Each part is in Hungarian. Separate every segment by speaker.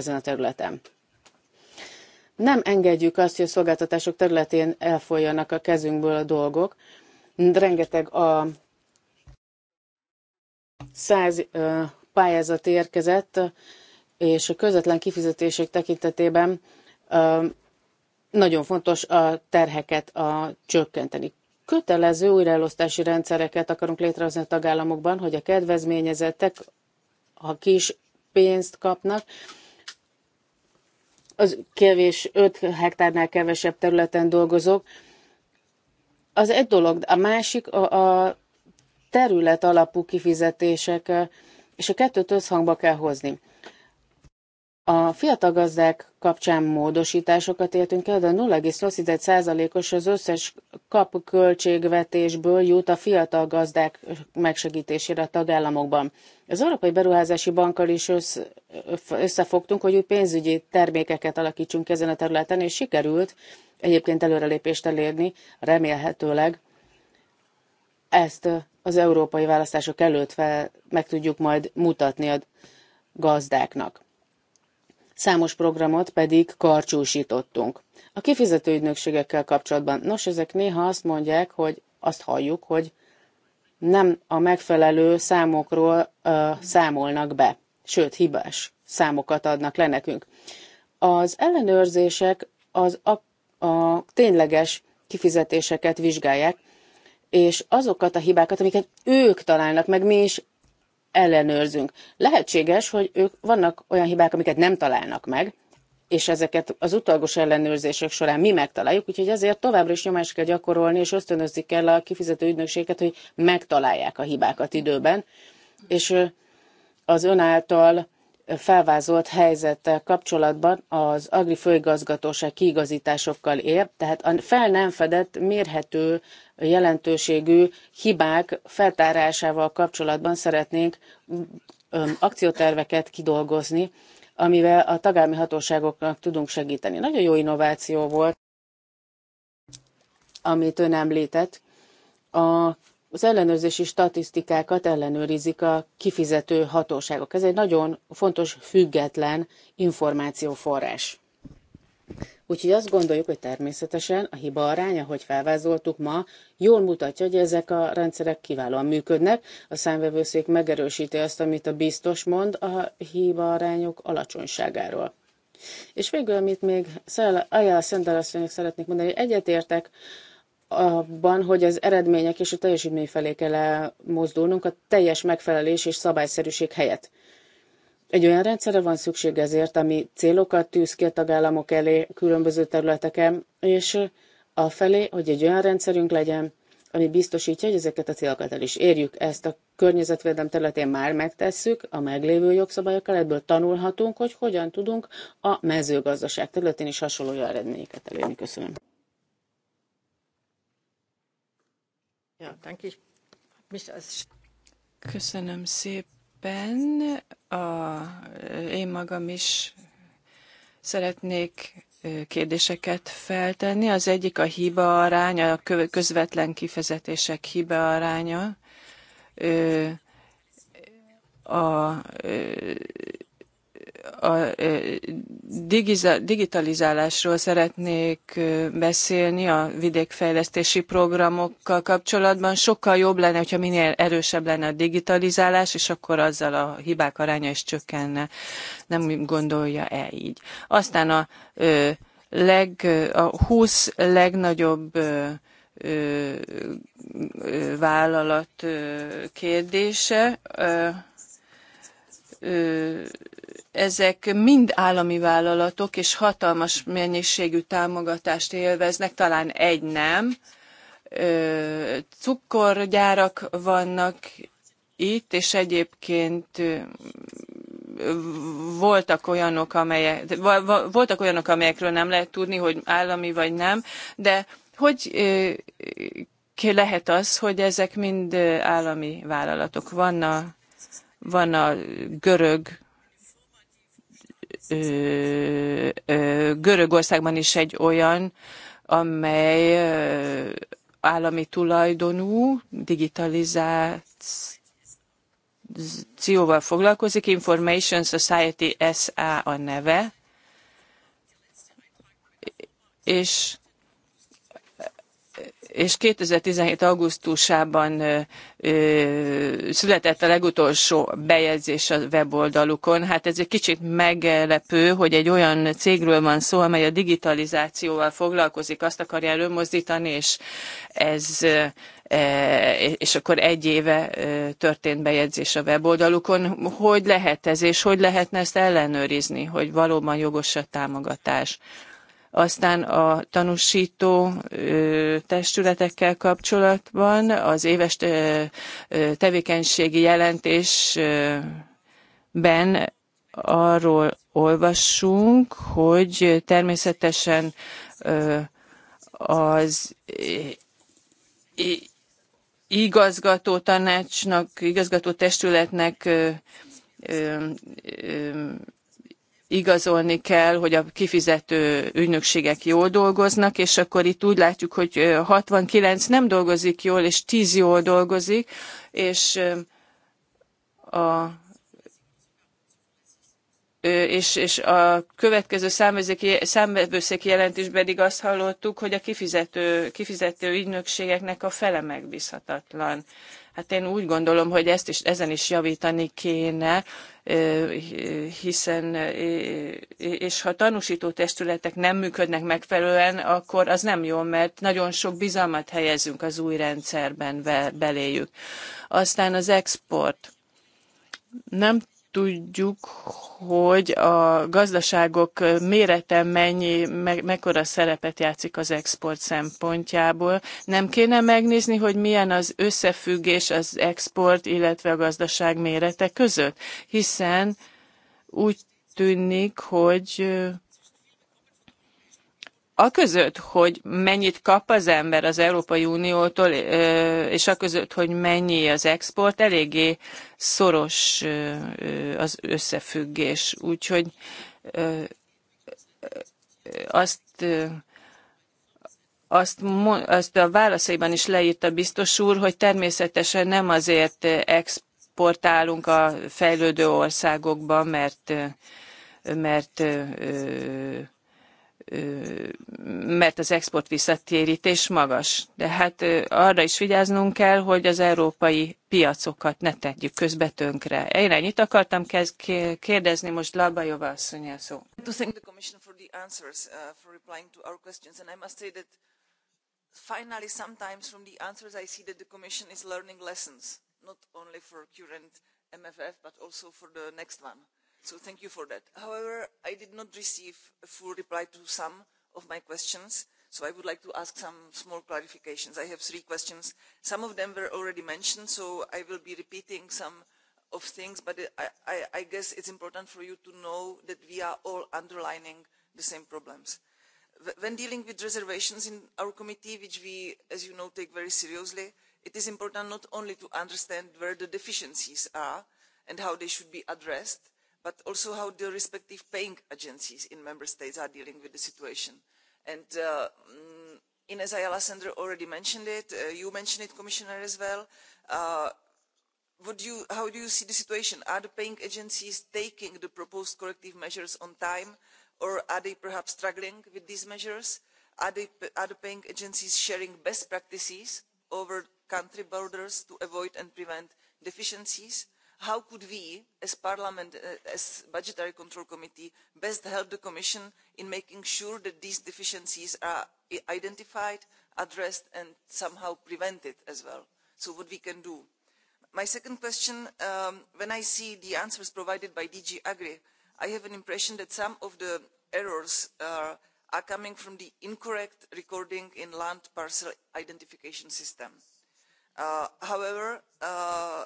Speaker 1: ezen a területen. Nem engedjük azt, hogy a szolgáltatások területén elfolyjanak a kezünkből a dolgok. Rengeteg a száz pályázat érkezett, és a közvetlen kifizetések tekintetében nagyon fontos a terheket a csökkenteni. Kötelező újraelosztási rendszereket akarunk létrehozni a tagállamokban, hogy a kedvezményezettek, ha kis pénzt kapnak, az kevés 5 hektárnál kevesebb területen dolgozok, az egy dolog, a másik a, a terület alapú kifizetések, és a kettőt összhangba kell hozni. A fiatal gazdák kapcsán módosításokat értünk el, de 0,8%-os az összes kap költségvetésből jut a fiatal gazdák megsegítésére a tagállamokban. Az Európai Beruházási Bankkal is összefogtunk, hogy új pénzügyi termékeket alakítsunk ezen a területen, és sikerült egyébként előrelépést elérni, remélhetőleg ezt az európai választások előtt fel meg tudjuk majd mutatni a gazdáknak. Számos programot pedig karcsúsítottunk. A kifizető ügynökségekkel kapcsolatban, nos, ezek néha azt mondják, hogy azt halljuk, hogy nem a megfelelő számokról ö, számolnak be, sőt, hibás számokat adnak le nekünk. Az ellenőrzések az a, a tényleges kifizetéseket vizsgálják, és azokat a hibákat, amiket ők találnak meg, mi is ellenőrzünk. Lehetséges, hogy ők vannak olyan hibák, amiket nem találnak meg, és ezeket az utolgos ellenőrzések során mi megtaláljuk, úgyhogy ezért továbbra is nyomást kell gyakorolni, és ösztönözni kell a kifizető ügynökséget, hogy megtalálják a hibákat időben, és az ön által felvázolt helyzettel kapcsolatban az Agri Főigazgatóság kiigazításokkal él, tehát a fel nem fedett, mérhető, jelentőségű hibák feltárásával kapcsolatban szeretnénk akcióterveket kidolgozni, amivel a tagállami hatóságoknak tudunk segíteni. Nagyon jó innováció volt, amit ön említett, a az ellenőrzési statisztikákat ellenőrizik a kifizető hatóságok. Ez egy nagyon fontos, független információforrás. Úgyhogy azt gondoljuk, hogy természetesen a hiba aránya, hogy felvázoltuk ma, jól mutatja, hogy ezek a rendszerek kiválóan működnek. A számvevőszék megerősíti azt, amit a biztos mond a hiba arányok alacsonyságáról. És végül, amit még Ajala Szendel asszonynak szeretnék mondani, hogy egyetértek abban, hogy az eredmények és a teljesítmény felé kell mozdulnunk a teljes megfelelés és szabályszerűség helyett. Egy olyan rendszerre van szükség ezért, ami célokat tűz ki a tagállamok elé különböző területeken, és a felé, hogy egy olyan rendszerünk legyen, ami biztosítja, hogy ezeket a célokat el is érjük. Ezt a környezetvédelem területén már megtesszük, a meglévő jogszabályokkal ebből tanulhatunk, hogy hogyan tudunk a mezőgazdaság területén is hasonló eredményeket elérni. Köszönöm.
Speaker 2: Köszönöm szépen. A, eh, én magam is szeretnék eh, kérdéseket feltenni. Az egyik a hiba aránya, a közvetlen kifezetések hiba aránya. A, a a digitalizálásról szeretnék beszélni a vidékfejlesztési programokkal kapcsolatban. Sokkal jobb lenne, hogyha minél erősebb lenne a digitalizálás, és akkor azzal a hibák aránya is csökkenne. Nem gondolja-e így? Aztán a, leg, a 20 legnagyobb vállalat kérdése ezek mind állami vállalatok, és hatalmas mennyiségű támogatást élveznek, talán egy nem. Cukorgyárak vannak itt, és egyébként voltak olyanok, amelyek, voltak olyanok, amelyekről nem lehet tudni, hogy állami vagy nem, de hogy lehet az, hogy ezek mind állami vállalatok? Vannak van a görög Görögországban is egy olyan, amely állami tulajdonú, digitalizációval foglalkozik, Information Society SA a neve, és és 2017. augusztusában született a legutolsó bejegyzés a weboldalukon. Hát ez egy kicsit meglepő, hogy egy olyan cégről van szó, amely a digitalizációval foglalkozik, azt akarja előmozdítani, és ez e, és akkor egy éve történt bejegyzés a weboldalukon. Hogy lehet ez, és hogy lehetne ezt ellenőrizni, hogy valóban jogos a támogatás? Aztán a tanúsító testületekkel kapcsolatban az éves tevékenységi jelentésben arról olvassunk, hogy természetesen az igazgató tanácsnak, igazgató testületnek igazolni kell, hogy a kifizető ügynökségek jól dolgoznak, és akkor itt úgy látjuk, hogy 69 nem dolgozik jól, és 10 jól dolgozik, és a és, és a következő számvevőszéki jelentésben pedig azt hallottuk, hogy a kifizető, kifizető ügynökségeknek a fele megbízhatatlan. Hát én úgy gondolom, hogy ezt is, ezen is javítani kéne, hiszen, és ha tanúsító testületek nem működnek megfelelően, akkor az nem jó, mert nagyon sok bizalmat helyezünk az új rendszerben beléjük. Aztán az export. Nem tudjuk, hogy a gazdaságok mérete mennyi, me, mekkora szerepet játszik az export szempontjából. Nem kéne megnézni, hogy milyen az összefüggés az export, illetve a gazdaság mérete között, hiszen úgy tűnik, hogy a között, hogy mennyit kap az ember az Európai Uniótól, és a között, hogy mennyi az export, eléggé szoros az összefüggés. Úgyhogy azt azt, azt a válaszaiban is leírta biztos úr, hogy természetesen nem azért exportálunk a fejlődő országokba, mert, mert mert az export visszatérítés magas. De hát arra is vigyáznunk kell, hogy az európai piacokat ne tegyük közbe tönkre. Én ennyit akartam kérdezni, most Labajova asszony szó.
Speaker 3: Uh, finally, sometimes from the answers I see that the Commission is learning lessons, not only for current MFF, but also for the next one So thank you for that. However, I did not receive a full reply to some of my questions, so I would like to ask some small clarifications. I have three questions. Some of them were already mentioned, so I will be repeating some of things, but I, I, I guess it's important for you to know that we are all underlining the same problems. When dealing with reservations in our committee, which we, as you know, take very seriously, it is important not only to understand where the deficiencies are and how they should be addressed, but also how the respective paying agencies in member states are dealing with the situation. And uh, mm, Ines Ayala Sender already mentioned it. Uh, you mentioned it, Commissioner, as well. Uh, what do you, how do you see the situation? Are the paying agencies taking the proposed corrective measures on time, or are they perhaps struggling with these measures? Are, they, are the paying agencies sharing best practices over country borders to avoid and prevent deficiencies? Uh, how could we as parliament uh, as budgetary control committee best help the commission in making sure that these deficiencies are identified addressed and somehow prevented as well so what we can do my second question um, when i see the answers provided by dg agri i have an impression that some of the errors uh, are coming from the incorrect recording in land parcel identification system. Uh, however, uh,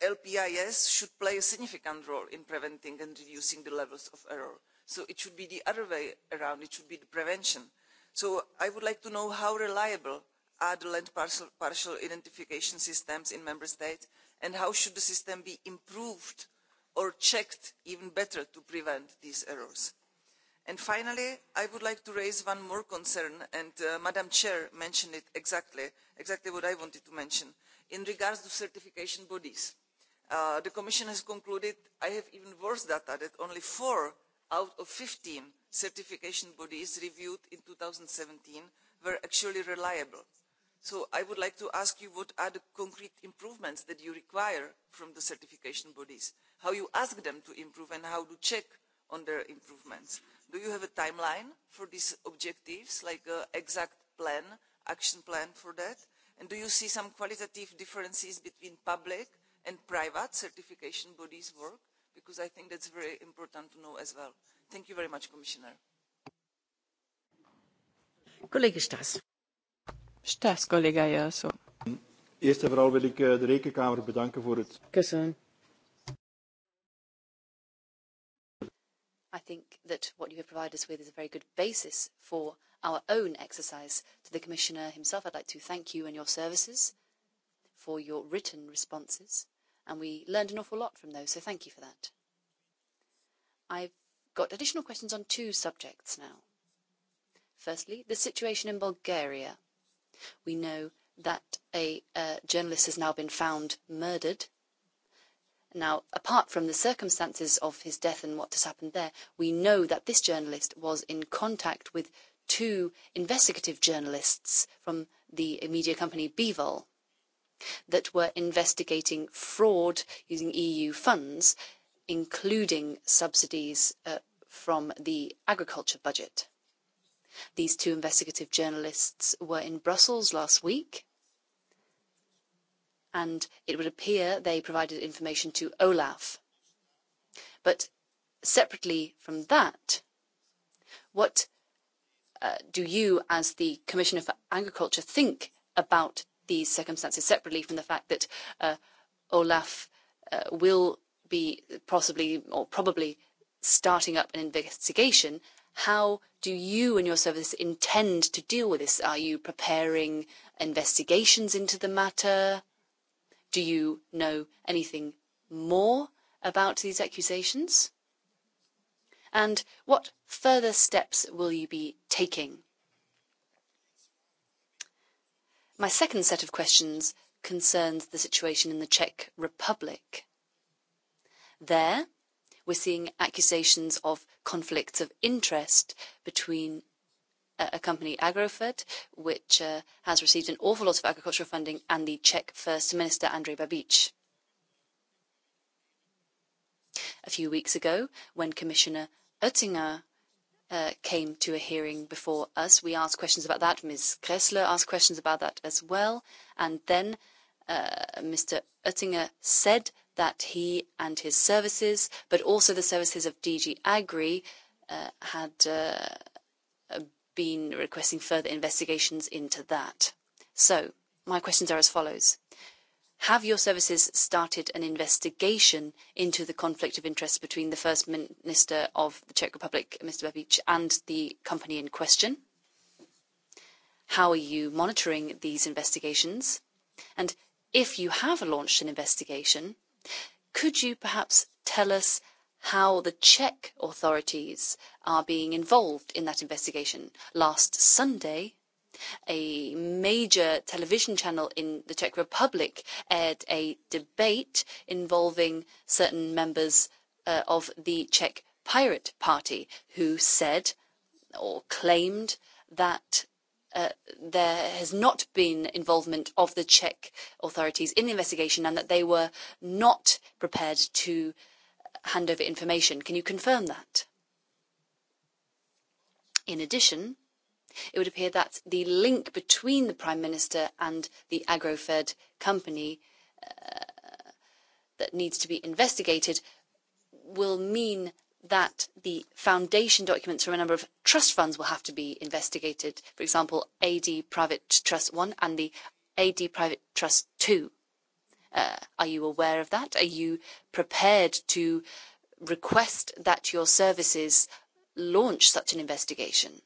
Speaker 3: lpis should play a significant role in preventing and reducing the levels of error so it should be the other way around it should be the prevention. so i would like to know how reliable are the land parcel, partial identification systems in member states and how should the system be improved or checked even better to prevent these errors? And finally i would like to raise one more concern and uh, madam chair mentioned it exactly exactly what i wanted to mention in regards to certification bodies Uh, the Commission has concluded, I have even worse data, that only four out of 15 certification bodies reviewed in 2017 were actually reliable. So I would like to ask you what are the concrete improvements that you require from the certification bodies, how you ask them to improve and how to check on their improvements. Do you have a timeline for these objectives, like an exact plan, action plan for that? And do you see some qualitative differences between public and private certification bodies work because i think that's very important to know as well. thank you very much commissioner.
Speaker 2: Collega Staes. Staes kollégája a szó.
Speaker 4: Eerst en vooral wil ik eh, de Rekenkamer bedanken voor het...
Speaker 2: Kussen.
Speaker 5: I think that what you have provided us with is a very good basis for our own exercise. To the Commissioner himself, I'd like to thank you and your services for your written responses and we learned an awful lot from those, so thank you for that. I've got additional questions on two subjects now. Firstly, the situation in Bulgaria. We know that a uh, journalist has now been found murdered. Now, apart from the circumstances of his death and what has happened there, we know that this journalist was in contact with two investigative journalists from the media company Bevel that were investigating fraud using EU funds, including subsidies uh, from the agriculture budget. These two investigative journalists were in Brussels last week, and it would appear they provided information to Olaf. But separately from that, what uh, do you, as the Commissioner for Agriculture, think about these circumstances separately from the fact that uh, Olaf uh, will be possibly or probably starting up an investigation. How do you and your service intend to deal with this? Are you preparing investigations into the matter? Do you know anything more about these accusations? And what further steps will you be taking? My second set of questions concerns the situation in the Czech Republic. There, we're seeing accusations of conflicts of interest between uh, a company, Agrofert, which uh, has received an awful lot of agricultural funding, and the Czech First Minister, Andrej Babic. A few weeks ago, when Commissioner Oettinger Uh, came to a hearing before us. We asked questions about that. Ms. Kressler asked questions about that as well. And Then uh, Mr. Oettinger said that he and his services, but also the services of DG Agri, uh, had been requesting further investigations into that. So My questions are as follows. Have your services started an investigation into the conflict of interest between the First Minister of the Czech Republic, Mr. Babic, and the company in question? How are you monitoring these investigations? And if you have launched an investigation, could you perhaps tell us how the Czech authorities are being involved in that investigation? Last Sunday, a major television channel in the Czech Republic aired a debate involving certain members uh, of the Czech Pirate Party who said or claimed that uh, there has not been involvement of the Czech authorities in the investigation and that they were not prepared to hand over information. Can you confirm that? In addition, it would appear that the link between the Prime Minister and the AgroFed company uh, that needs to be investigated will mean that the foundation documents from a number of trust funds will have to be investigated. For example, AD Private Trust 1 and the AD Private Trust 2. Uh, are you aware of that? Are you prepared to request that your services launch such an investigation?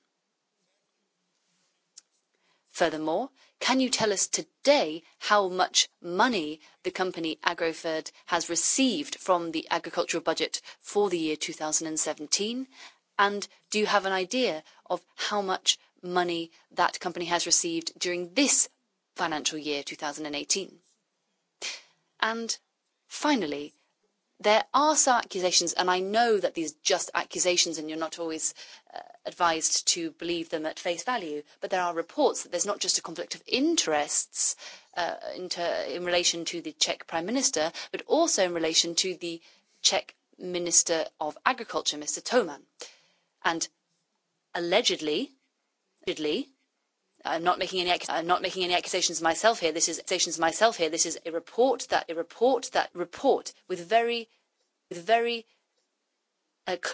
Speaker 5: Furthermore, can you tell us today how much money the company Agrofert has received from the agricultural budget for the year 2017? Do you have an idea of how much money that company has received during this financial year, 2018? Finally, there are some accusations, and I know that these are just accusations, and you're not always uh, advised to believe them at face value. But there are reports that there's not just a conflict of interests uh, in, in relation to the Czech Prime Minister, but also in relation to the Czech Minister of Agriculture, Mr. Toman, and allegedly, allegedly I'm uh, not making any I'm uh, not making any accusations myself here. This is accusations myself here. This is a report that a report that report with very with very a, uh,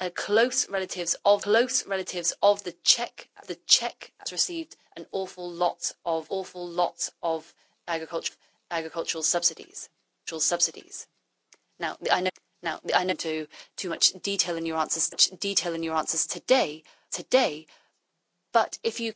Speaker 5: a close relatives of close relatives of the check the check has received an awful lot of awful lot of agriculture agricultural subsidies agricultural subsidies. Now I know now I know too too much detail in your answers Much detail in your answers today today, but if you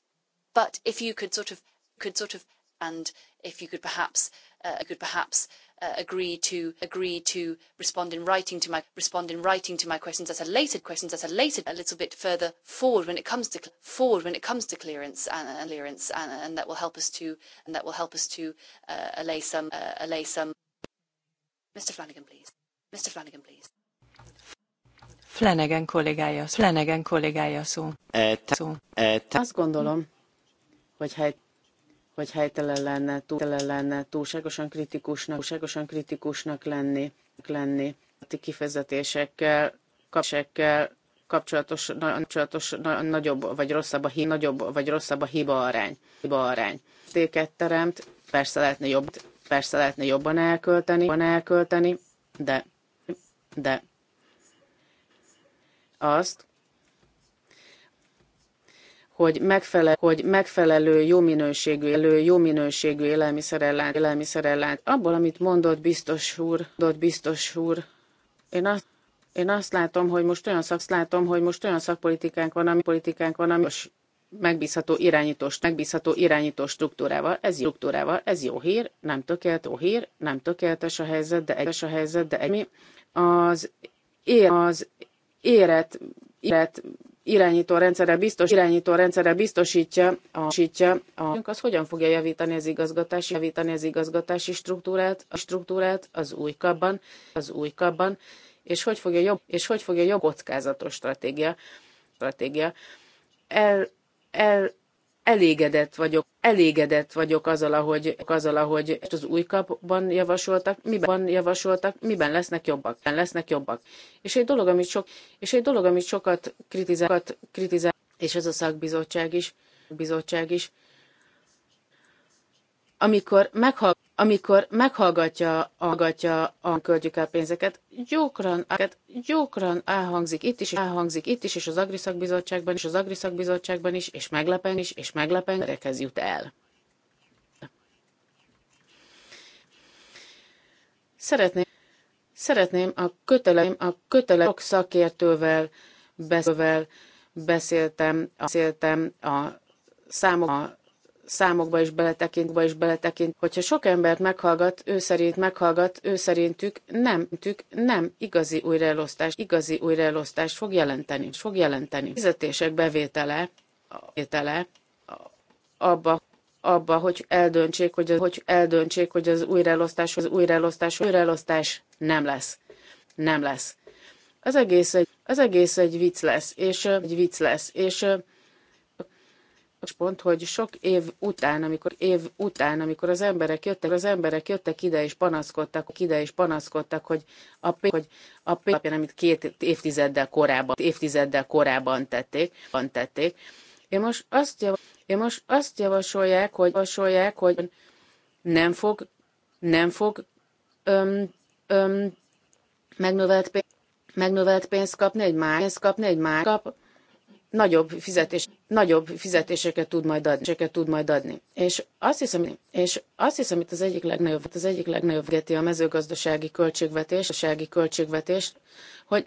Speaker 5: But if you could sort of could sort of and if you could perhaps uh, could perhaps uh, agree to agree to respond in writing to my respond in writing to my questions as a later questions as a later a little bit further forward when it comes to forward when it comes to clearance and uh, clearance and, uh, and that will help us to and that will help us to uh, allay some uh, allay some Mr Flanagan please Mr Flanagan please
Speaker 2: Flanagan kollégája Flanagan kollégája szó,
Speaker 1: uh, szó. Uh, Azt gondolom hogy, hely, hogy helytelen lenne, túl, lenne túlságosan kritikusnak, túlságosan kritikusnak lenni, lenni a kifejezetésekkel, kapcsolatosan kapcsolatos, kapcsolatos na, nagyobb vagy rosszabb a, hi, nagyobb, vagy rosszabb a hiba arány. Hiba arány. Téket teremt, persze lehetne, jobb, persze lehetne jobban elkölteni, jobban elkölteni, de, de azt, hogy megfelelő, hogy megfelelő jó minőségű, elő, jó minőségű élelmiszerellát, élelmiszerellát. Abból, amit mondott biztos úr, mondott biztos úr, én azt, én azt látom, hogy most olyan szaksz látom, hogy most olyan szakpolitikánk van, ami politikánk van, ami most megbízható irányító, megbízható irányító struktúrával. Ez jó struktúrával, ez jó hír, nem tökéletes, jó hír, nem tökéletes a helyzet, de egyes a helyzet, de egy, mi az, ér, az érett, érett irányító rendszere biztos, irányító rendszere biztosítja, a, sítja, a, az hogyan fogja javítani az igazgatási, javítani az igazgatási struktúrát, a struktúrát az új kabban, az új kabban, és hogy fogja jobb, és hogy fogja jobb kockázatos stratégia, stratégia el, el elégedett vagyok, elégedett vagyok azzal, ahogy, azzal, ahogy az új kapban javasoltak, miben javasoltak, miben lesznek jobbak, miben lesznek jobbak. És egy dolog, amit, sok, és egy dolog, amit sokat kritizál, kritizál, és ez a szakbizottság is, bizottság is, amikor, meghall, amikor meghallgatja hallgatja a költjük el pénzeket, gyakran, hát gyakran elhangzik itt is, elhangzik itt is, és az Agriszakbizottságban is, az Agriszakbizottságban is, és meglepen is, és meglepen, erekhez jut el. Szeretném, szeretném a kötelem, a kötelem szakértővel beszéltem, beszéltem a számok, a számokba is beletekintve is beletekint. Hogyha sok embert meghallgat, ő szerint meghallgat, ő szerintük nem, tük nem igazi újraelosztás, igazi újraelosztás fog jelenteni, fog jelenteni. Fizetések bevétele, bevétele abba, abba, hogy eldöntsék, hogy, az, hogy eldöntsék, hogy az újraelosztás, az újraelosztás, újraelosztás nem lesz. Nem lesz. Az egész egy, az egész egy vicc lesz, és egy vicc lesz, és pont, hogy sok év után, amikor év után, amikor az emberek jöttek, az emberek jöttek ide és panaszkodtak, ide és panaszkodtak, hogy a pénz, hogy a pénz amit két évtizeddel korábban, évtizeddel korábban tették, van tették. Én most azt, javasolják, én most azt javasolják, hogy, javasolják, hogy nem fog, nem fog öm, öm, megnövelt, pénz, megnövelt pénzt kapni egy már, pénzt kapni egy már, kap, nagyobb, fizetés, nagyobb fizetéseket tud majd adni. Tud majd adni. És azt hiszem, és azt hiszem, itt az egyik legnagyobb, az egyik legnagyobb geti a mezőgazdasági költségvetés, a sági költségvetés, hogy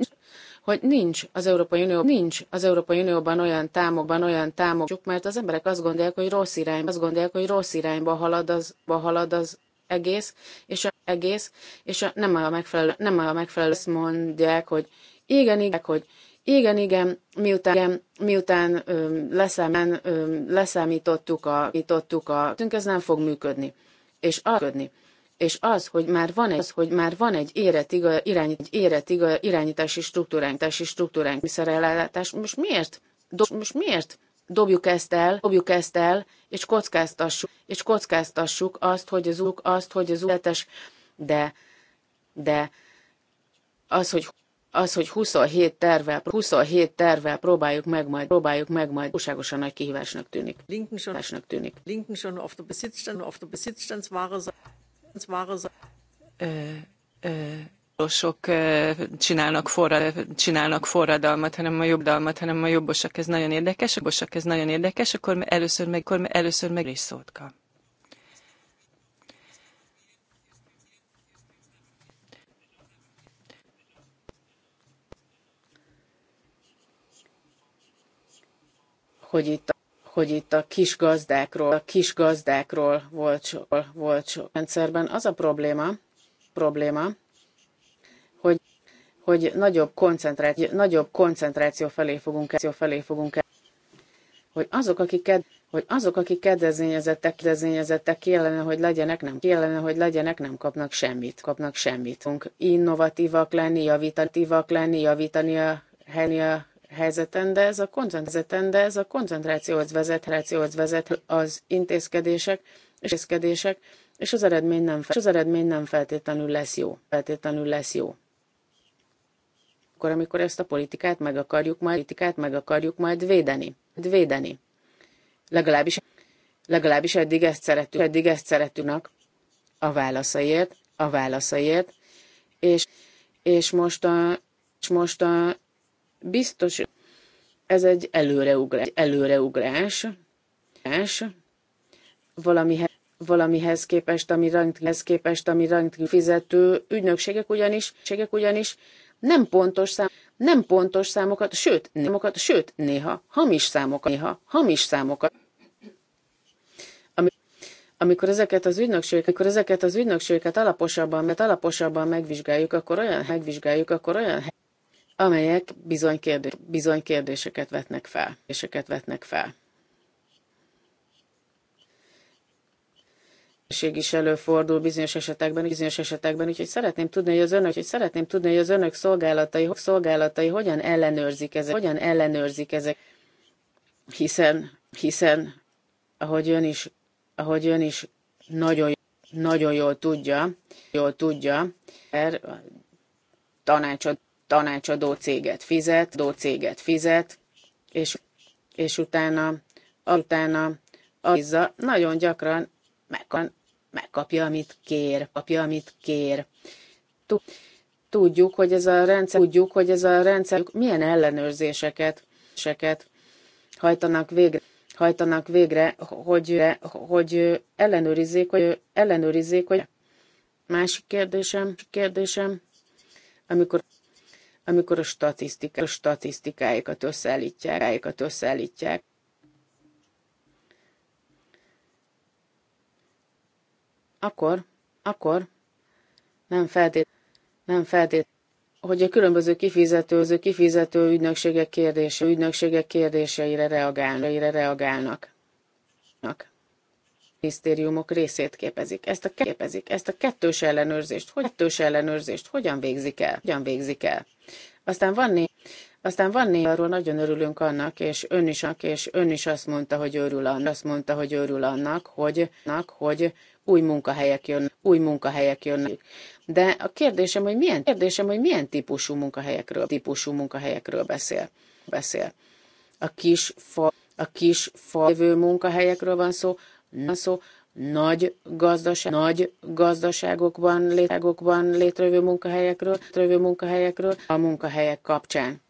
Speaker 1: hogy nincs az Európai Unió, nincs az Európai Unióban olyan támokban, olyan támokjuk, mert az emberek azt gondolják, hogy rossz irányba, azt gondolják, hogy rossz irányba halad az, halad az egész, és a, egész, és a, nem a megfelelő, nem a megfelelő, azt mondják, hogy igen, igen, hogy igen, igen, miután, igen, miután ö, leszám, ö, leszámítottuk a, mitottuk a, ez nem fog működni. És alködni. És az, hogy már van egy, az, hogy már van egy érett, iga, irányít, egy érett iga, irányítási struktúránk, struktúránk, miszerellátás, most miért? Do, most miért? dobjuk ezt el, dobjuk ezt el, és kockáztassuk, és kockáztassuk azt, hogy az úk, azt, hogy az ületes, de, de az, hogy az, hogy 27 tervvel, 27 tervvel próbáljuk meg majd, próbáljuk meg majd, újságosan nagy kihívásnak tűnik. Linken schon, tűnik. Linken schon auf der Besitzstand, auf der Besitzstandsware, ware,
Speaker 2: sok csinálnak, forra, csinálnak forradalmat, hanem a jobbdalmat, hanem a jobbosak, ez nagyon érdekes, a jobbosak, ez nagyon érdekes, akkor először meg, akkor először meg is szót kap.
Speaker 1: hogy itt a hogy itt a kis gazdákról, a kis gazdákról volt sok, volt a rendszerben. Az a probléma, probléma, hogy, hogy nagyobb, koncentráció, nagyobb koncentráció felé fogunk, felé fogunk hogy azok, akik ked hogy azok, akik kedvezményezettek, kedvezményezettek kellene, hogy legyenek, nem kellene, hogy legyenek, nem kapnak semmit, kapnak semmit. Innovatívak lenni, javítatívak lenni, javítani a, a helyzeten, de ez a, koncentrációhoz de ez a koncentrációhoz vezet, vezet az intézkedések, és intézkedések, és az eredmény nem, fe- az eredmény nem feltétlenül lesz jó. Feltétlenül lesz jó. Akkor, amikor ezt a politikát meg akarjuk majd, politikát meg akarjuk majd védeni. Védeni. Legalábbis, legalábbis eddig ezt szeretünk, eddig ezt szeretünk a válaszaiért, a válaszaiért, és, és most a, és most a Biztos, ez egy előreugrás, előreugrás, valamihez, valamihez képest, ami rendkívül képest, ami rendkívül fizető ügynökségek ugyanis, ügynökségek ugyanis nem pontos szám, nem pontos számokat, sőt, számokat, sőt, néha hamis számokat, néha hamis számokat. amikor ezeket az ügynökségeket, amikor ezeket az ügynökségeket alaposabban, mert alaposabban megvizsgáljuk, akkor olyan megvizsgáljuk, akkor olyan amelyek bizony, kérdés, bizony kérdéseket vetnek fel. Kérdéseket vetnek fel. is előfordul bizonyos esetekben, bizonyos esetekben, úgyhogy szeretném tudni, hogy az önök, hogy szeretném tudni, hogy az önök szolgálatai, szolgálatai hogyan ellenőrzik ezek, hogyan ellenőrzik ezek, hiszen, hiszen, ahogy ön is, ahogy ön is nagyon, nagyon jól tudja, jól tudja, mert tanácsot tanácsadó céget fizet, do céget fizet, és, és utána, utána a nagyon gyakran megkan, megkapja, amit kér, kapja, amit kér. Tudjuk, hogy ez a rendszer, tudjuk, hogy ez a rendszer milyen ellenőrzéseket seket hajtanak végre, hajtanak végre, hogy, hogy ellenőrizzék, hogy ellenőrizzék, hogy másik kérdésem, kérdésem, amikor amikor a, statisztika, a statisztikáikat összeállítják, összeállítják. Akkor, akkor nem feltét, nem feltét, hogy a különböző kifizetőző kifizető ügynökségek kérdése, ügynökségek kérdéseire reagálnak. Reagálnak minisztériumok részét képezik. Ezt a, képezik. Ezt a kettős ellenőrzést, hogy kettős ellenőrzést hogyan végzik el? Hogyan végzik el? Aztán van né aztán van né arról nagyon örülünk annak, és ön is, és ön is azt mondta, hogy örül annak, azt mondta, hogy örül annak, hogy, annak, hogy új munkahelyek jönnek, új munkahelyek jönnek. De a kérdésem, hogy milyen, kérdésem, hogy milyen típusú munkahelyekről, típusú munkahelyekről beszél. beszél. A kis fa, a kis fa munkahelyekről van szó, szó nagy, gazdaság, nagy gazdaságokban, létrágokban létrejövő munkahelyekről, létrejövő munkahelyekről a munkahelyek kapcsán.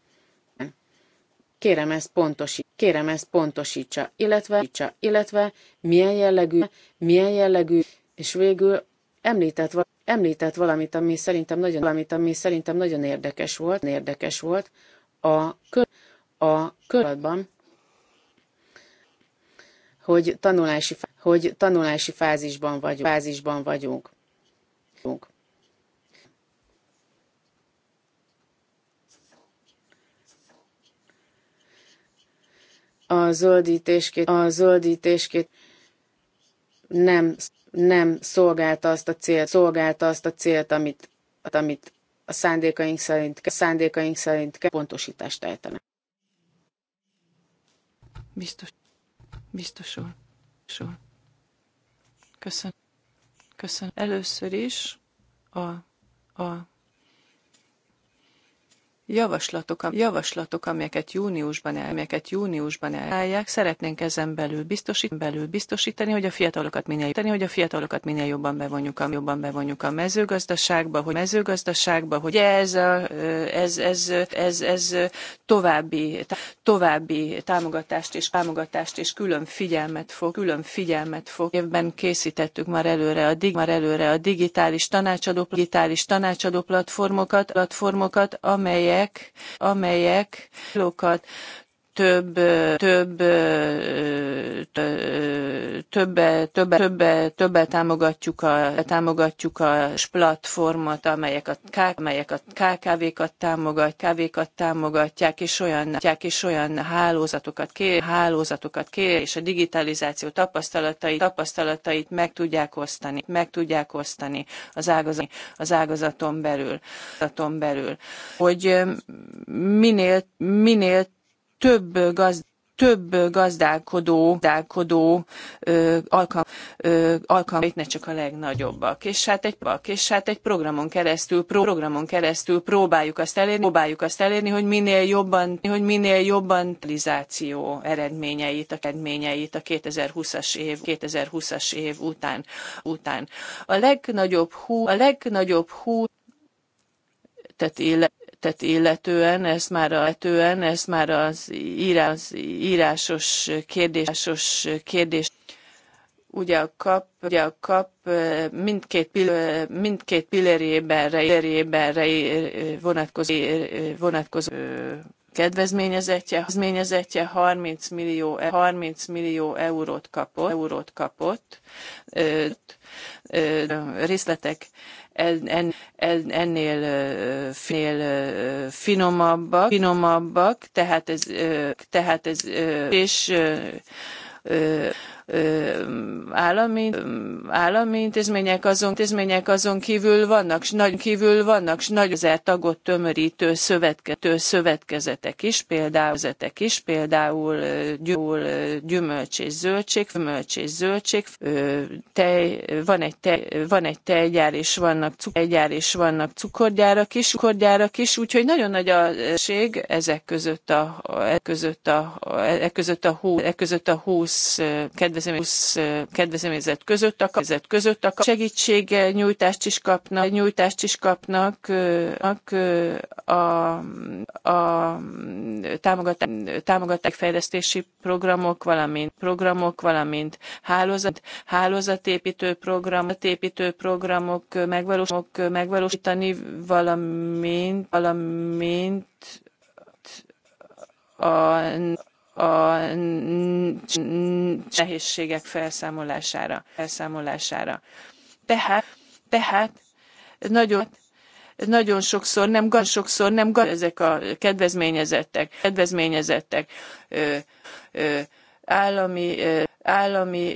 Speaker 1: Kérem ezt pontosít, kérem ezt pontosítsa, illetve, illetve milyen jellegű, milyen jellegű, és végül említett, említett valamit, ami szerintem nagyon, valamit, ami szerintem nagyon érdekes volt, érdekes volt, a kö, a körben hogy tanulási, hogy tanulási fázisban, vagyunk, fázisban vagyunk. A zöldítéskét, a zöldítéskét nem, nem szolgálta azt a célt, szolgálta azt a célt, amit, amit a szándékaink szerint, a szándékaink szerint pontosítást ejtene.
Speaker 2: Biztos. Biztos úr. Köszönöm. Köszönöm. Először is a, a javaslatok, javaslatok amelyeket júniusban, el, amelyeket júniusban elállják, szeretnénk ezen belül, biztosít, belül biztosítani, hogy a fiatalokat minél, tenni, hogy a fiatalokat minél jobban bevonjuk a, jobban bevonjuk a mezőgazdaságba, hogy mezőgazdaságba, hogy ez, a, ez, ez, ez, ez további, további támogatást és támogatást és külön figyelmet fog, külön figyelmet fog. Évben készítettük már előre a, dig, már előre a digitális tanácsadó, digitális tanácsadó platformokat, platformokat, amelyek amelyek, amelyek lókat több, több, többe, többe, többe, többe támogatjuk a, támogatjuk a platformot, amelyek a, amelyek a KKV-kat támogat, KV-kat támogatják, és olyan, és olyan hálózatokat kér, hálózatokat kér, és a digitalizáció tapasztalatait, tapasztalatait meg tudják osztani, meg tudják osztani az, ágazat, az ágazaton belül, ágazaton belül, hogy minél, minél több gaz több gazdálkodó, gazdálkodó ö, alkalm, alkalmait, ne csak a legnagyobbak. És hát egy, és hát egy programon keresztül, pró, programon keresztül próbáljuk azt elérni, próbáljuk azt elérni, hogy minél jobban, hogy minél jobban realizáció eredményeit, a eredményeit a 2020-as év, 2020-as év után, után. A legnagyobb hú, a legnagyobb hú, tehát illet, tehát illetően, ez már, a, illetően, ez már az, írás, írásos kérdésos kérdés. Ugye a kap, ugye a kap eh, mindkét, pil, eh, mindkét pillérében, pillérében eh, vonatkozó, vonatkozó kedvezményezetje, kedvezményezetje 30 millió, 30 e- millió eurót kapott, eurót kapott részletek en, en, ennél fél finomabbak, finomabbak, tehát ez, tehát ez, és állami, állami intézmények, azon, intézmények azon kívül vannak, s nagy kívül vannak, s nagy ezer tagot tömörítő szövetke, szövetkezetek is, például, zetek is, például gyümölcs, gyümölcs és zöldség, gyümölcs és zöldség, tej, van egy, tej, van egy tejgyár és vannak, cukorgyár, és vannak cukorgyárak is, cukorgyárak is, úgyhogy nagyon nagy a ség ezek között a, e között a, ezek között a, hú, e között a húsz kedves kedvezményezett között, a között, között a segítsége nyújtást is kapnak, nyújtást is kapnak a, a támogatás, támogatás fejlesztési programok, valamint programok, valamint hálózat, hálózatépítő program, építő programok megvalósítanak, megvalósítani, valamint, valamint a a nehézségek felszámolására. felszámolására. Tehát, tehát nagyon nagyon sokszor nem gaz, sokszor nem gaz, ezek a kedvezményezettek, kedvezményezettek ö, ö, állami, ö, állami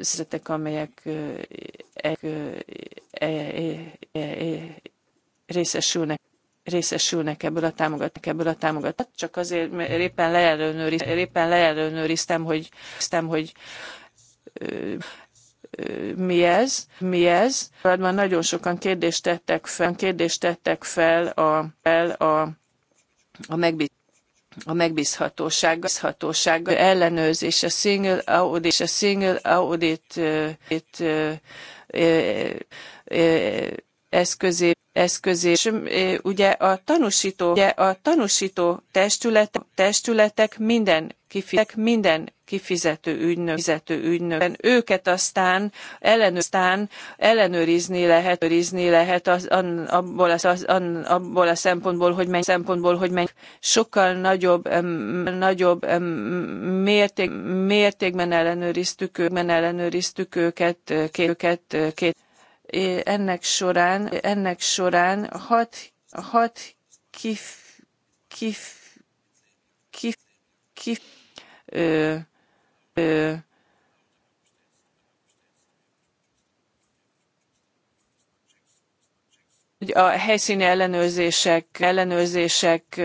Speaker 2: szeretek, amelyek e-, e-, e-, részesülnek részesülnek ebből a támogat, ebből a támogat. Csak azért, éppen, leellenőriztem, éppen leellenőriztem, hogy, éppen, hogy mi ez, mi ez. Már nagyon sokan kérdést tettek fel, kérdést tettek fel a, fel a, a megbíz a megbízhatóság, megbízhatóság ellenőrzés, a single audit, és a single audit, it, audit eszközé eszközé. És ugye a tanúsító, ugye a tanúsító testületek, testületek minden kifizetek minden kifizető ügynök, fizető ügynök. Őket aztán, ellenő, aztán ellenőrizni lehet, őrizni lehet az, an, abból, az, az, an, abból a szempontból, hogy mennyi szempontból, hogy mennyi sokkal nagyobb, em, nagyobb em, mérték, mértékben ellenőriztük, őket, ellenőriztük őket, két, őket két ennek során, ennek során hat, hat kif, kif, kif, kif, ö, ö, hogy a helyszíni ellenőrzések, ellenőrzések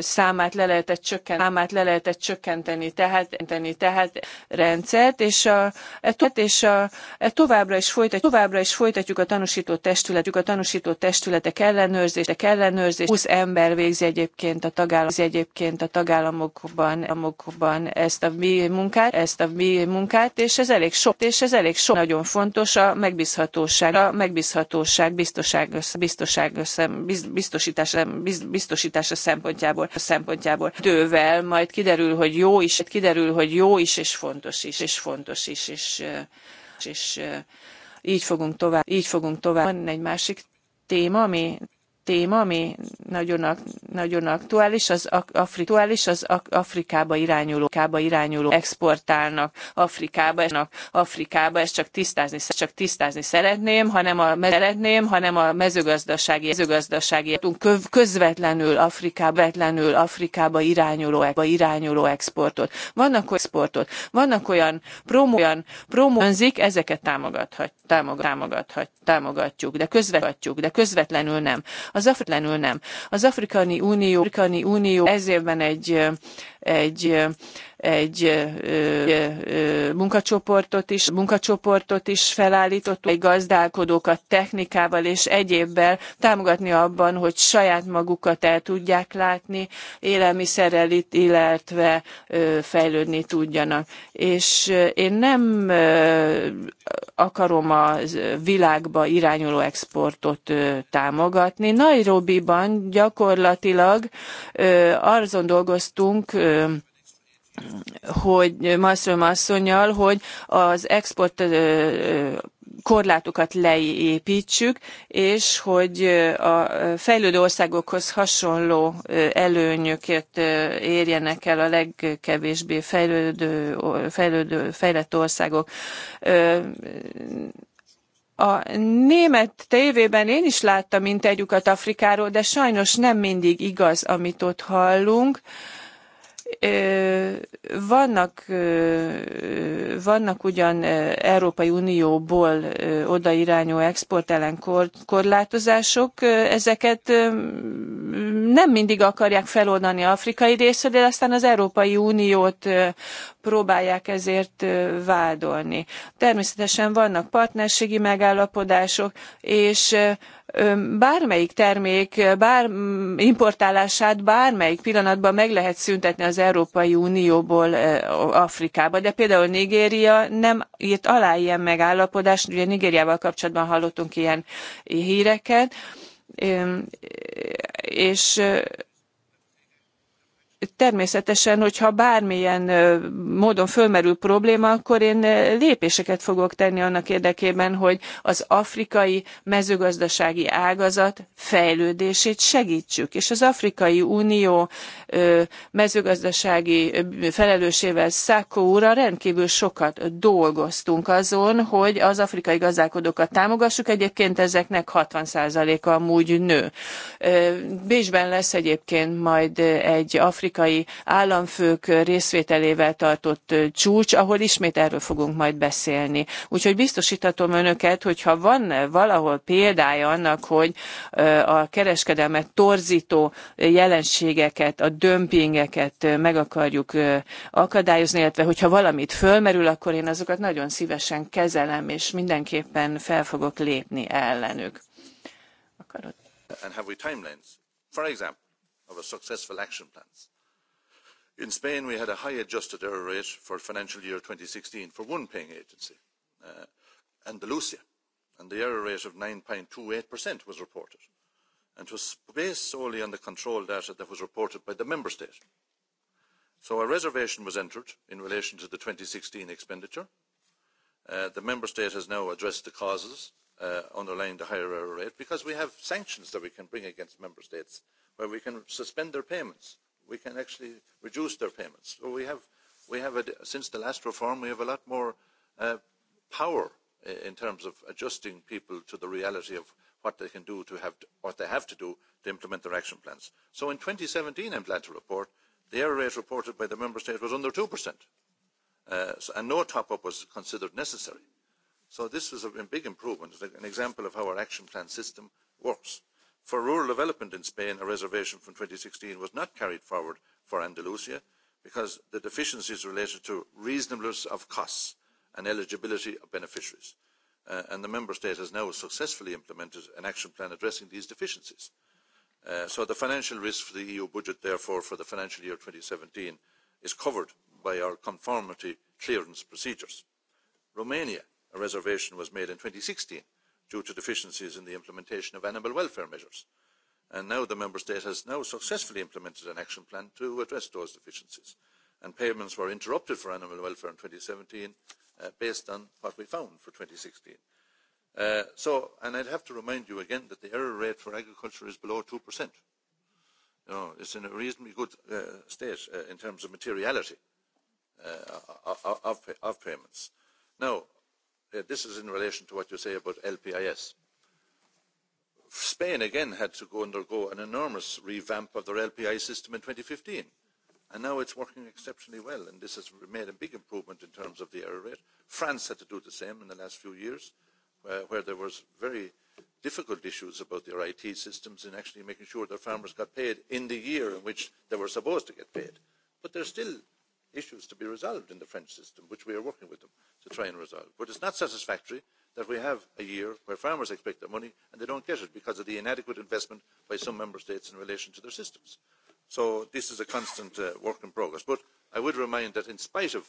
Speaker 2: számát le lehetett csökkenteni, számát le lehetett csökkenteni tehát, tehát rendszert, és, a, e és a, e továbbra, is folytatjuk, továbbra is folytatjuk a tanúsító testületük, a tanúsító testületek ellenőrzések ellenőrzés. 20 ember végzi egyébként a, tagállam, egyébként a tagállamokban, tagállamokban ezt a mi munkát, ezt a mi munkát, és ez elég sok, és ez elég sok. Nagyon fontos a megbízhatóság, a megbízhatóság biztonság biztonság, biztonság biztosítása, biztosítása szempontjából, szempontjából tővel, majd kiderül, hogy jó is, kiderül, hogy jó is, és fontos is, és fontos is, és, és, és így fogunk tovább, így fogunk tovább. Van egy másik téma, ami téma, ami nagyon, nagyon aktuális, az, Afri, aktuális, az Afrikába irányuló, Afrikába irányuló exportálnak Afrikába, Afrikába, ezt csak tisztázni, csak tisztázni szeretném, hanem a, szeretném, hanem a mezőgazdasági, mezőgazdasági közvetlenül Afrikába, vetlenül Afrikába irányuló, e- irányuló exportot. Vannak exportot, vannak olyan promó, olyan promózik, ezeket támogathat, támogat, támogatjuk, de közvetjük, de közvetlenül nem. Az afrikánul nem. Az Afrikani Unió, Afrikani Unió ez évben egy, egy egy munkacsoportot is, munkacsoportot is felállított egy gazdálkodókat technikával és egyébbel támogatni abban, hogy saját magukat el tudják látni, élelmiszerrel, illetve fejlődni tudjanak. És én nem akarom a világba irányuló exportot támogatni. Nairobiban gyakorlatilag azon dolgoztunk, hogy Malmström asszonyjal, hogy az export korlátokat leépítsük, és hogy a fejlődő országokhoz hasonló előnyöket érjenek el a legkevésbé fejlődő, fejlődő fejlett országok. A német tévében én is láttam interjúkat Afrikáról, de sajnos nem mindig igaz, amit ott hallunk. Ö, vannak, vannak ugyan Európai Unióból oda irányú export ellen korlátozások, ezeket nem mindig akarják feloldani afrikai részre, de aztán az Európai Uniót próbálják ezért vádolni. Természetesen vannak partnerségi megállapodások, és bármelyik termék bár, mm, importálását bármelyik pillanatban meg lehet szüntetni az Európai Unióból Afrikába. De például Nigéria nem írt alá ilyen megállapodást, ugye Nigériával kapcsolatban hallottunk ilyen híreket, és természetesen, hogyha bármilyen módon fölmerül probléma, akkor én lépéseket fogok tenni annak érdekében, hogy az afrikai mezőgazdasági ágazat fejlődését segítsük. És az Afrikai Unió mezőgazdasági felelősével Szákó úrral rendkívül sokat dolgoztunk azon, hogy az afrikai gazdálkodókat támogassuk. Egyébként ezeknek 60%-a amúgy nő. Bécsben lesz egyébként majd egy afrikai afrikai államfők részvételével tartott csúcs, ahol ismét erről fogunk majd beszélni. Úgyhogy biztosítatom önöket, hogy ha van valahol példája annak, hogy a kereskedelmet torzító jelenségeket, a dömpingeket meg akarjuk akadályozni, illetve hogyha valamit fölmerül, akkor én azokat nagyon szívesen kezelem, és mindenképpen fel fogok lépni ellenük. Akarod?
Speaker 4: And have we For example, of successful action plans In Spain, we had a high adjusted error rate for financial year 2016 for one paying agency, uh, Andalusia, and the error rate of 9.28% was reported. And it was based solely on the control data that was reported by the member state. So a reservation was entered in relation to the 2016 expenditure. Uh, the member state has now addressed the causes uh, underlying the higher error rate because we have sanctions that we can bring against member states where we can suspend their payments we can actually reduce their payments. So we have, we have a, since the last reform, we have a lot more uh, power in terms of adjusting people to the reality of what they can do to have to, what they have to do to implement their action plans. So in 2017, I'm glad to report, the error rate reported by the member state was under 2%, uh, so, and no top-up was considered necessary. So this was a big improvement, an example of how our action plan system works. For rural development in Spain, a reservation from 2016 was not carried forward for Andalusia because the deficiencies related to reasonableness of costs and eligibility of beneficiaries. Uh, and the member state has now successfully implemented an action plan addressing these deficiencies. Uh, so the financial risk for the EU budget, therefore, for the financial year 2017 is covered by our conformity clearance procedures. Romania, a reservation was made in 2016 due to deficiencies in the implementation of animal welfare measures. And now the Member State has now successfully implemented an action plan to address those deficiencies. And payments were interrupted for animal welfare in 2017 uh, based on what we found for 2016. Uh, so, and I'd have to remind you again that the error rate for agriculture is below 2%. You know, it's in a reasonably good uh, state uh, in terms of materiality uh, of, of, of payments. Now, Uh, this is in relation to what you say about LPIS. Spain again had to go undergo an enormous revamp of their LPI system in 2015. And now it's working exceptionally well, and this has made a big improvement in terms of the error rate. France had to do the same in the last few years, where, where there was very difficult issues about their IT systems and actually making sure their farmers got paid in the year in which they were supposed to get paid. But they're still issues to be resolved in the French system, which we are working with them to try and resolve. But it's not satisfactory that we have a year where farmers expect their money and they don't get it because of the inadequate investment by some member states in relation to their systems. So this is a constant uh, work in progress. But I would remind that in spite of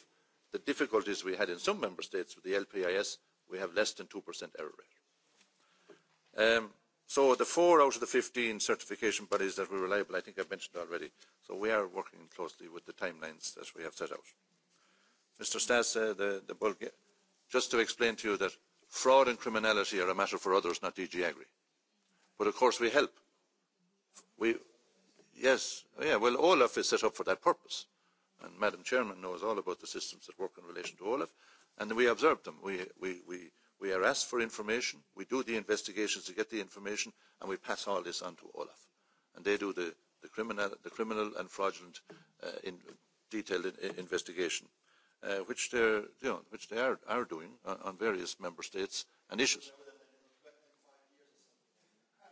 Speaker 4: the difficulties we had in some member states with the LPIS, we have less than 2% error rate. Um, So the four out of the 15 certification bodies that were reliable, I think I've mentioned already. So we are working closely with the timelines that we have set out. Mr. Stas, uh, the, the Bulga- just to explain to you that fraud and criminality are a matter for others, not DG Agri. But of course we help. We, yes, oh yeah, well, Olaf is set up for that purpose. And Madam Chairman knows all about the systems that work in relation to Olaf. And we observe them. We, we, we, we are asked for information we do the investigations to get the information and we pass all this on to olaf and they do the, the, criminal, the criminal and fraudulent uh, in detailed in, in investigation uh, which they're you know which they are, are doing on, on various member states and issues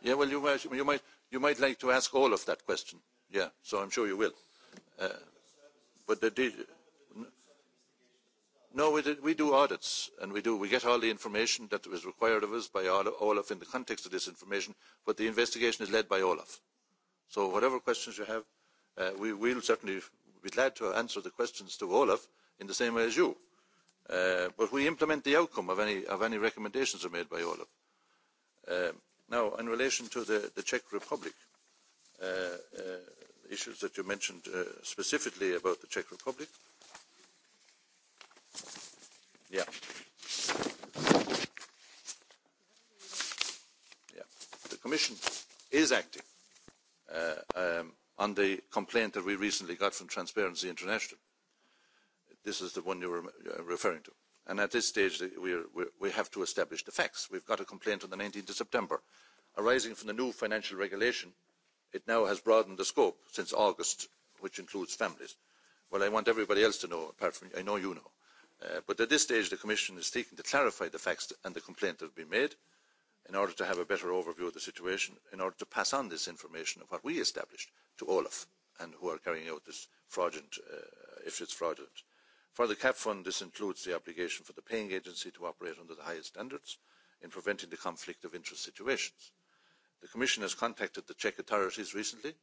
Speaker 4: yeah well you might you might you might like to ask all of that question yeah so i'm sure you will uh, but the No, we, do audits, and we get all the information that was required of us by Olaf in the context of this information, but the investigation is led by Olaf. So whatever questions you have, uh, we will certainly be glad to answer the questions to Olaf in the same way as you. Uh, but we implement the outcome of any, of any recommendations are made by Olaf. Uh, now, in relation to the, the Czech Republic, uh, uh, issues that you mentioned uh, specifically about the Czech Republic, uh, Yeah. Yeah. The Commission is acting uh, um, on the complaint that we recently got from Transparency International. This is the one you were uh, referring to. And at this stage, we, are, we have to establish the facts. We've got a complaint on the 19th of September arising from the new financial regulation. It now has broadened the scope since August, which includes families. Well, I want everybody else to know, apart from I know you know, Uh, but at this stage the commission is seeking to clarify the facts and the complaint that have been made in order to have a better overview of the situation in order to pass on this information of what we established to olaf and who are carrying out this fraudulent uh, if it's fraudulent. for the cap fund this includes the obligation for the paying agency to operate under the highest standards in preventing the conflict of interest situations. the commission has contacted the czech authorities recently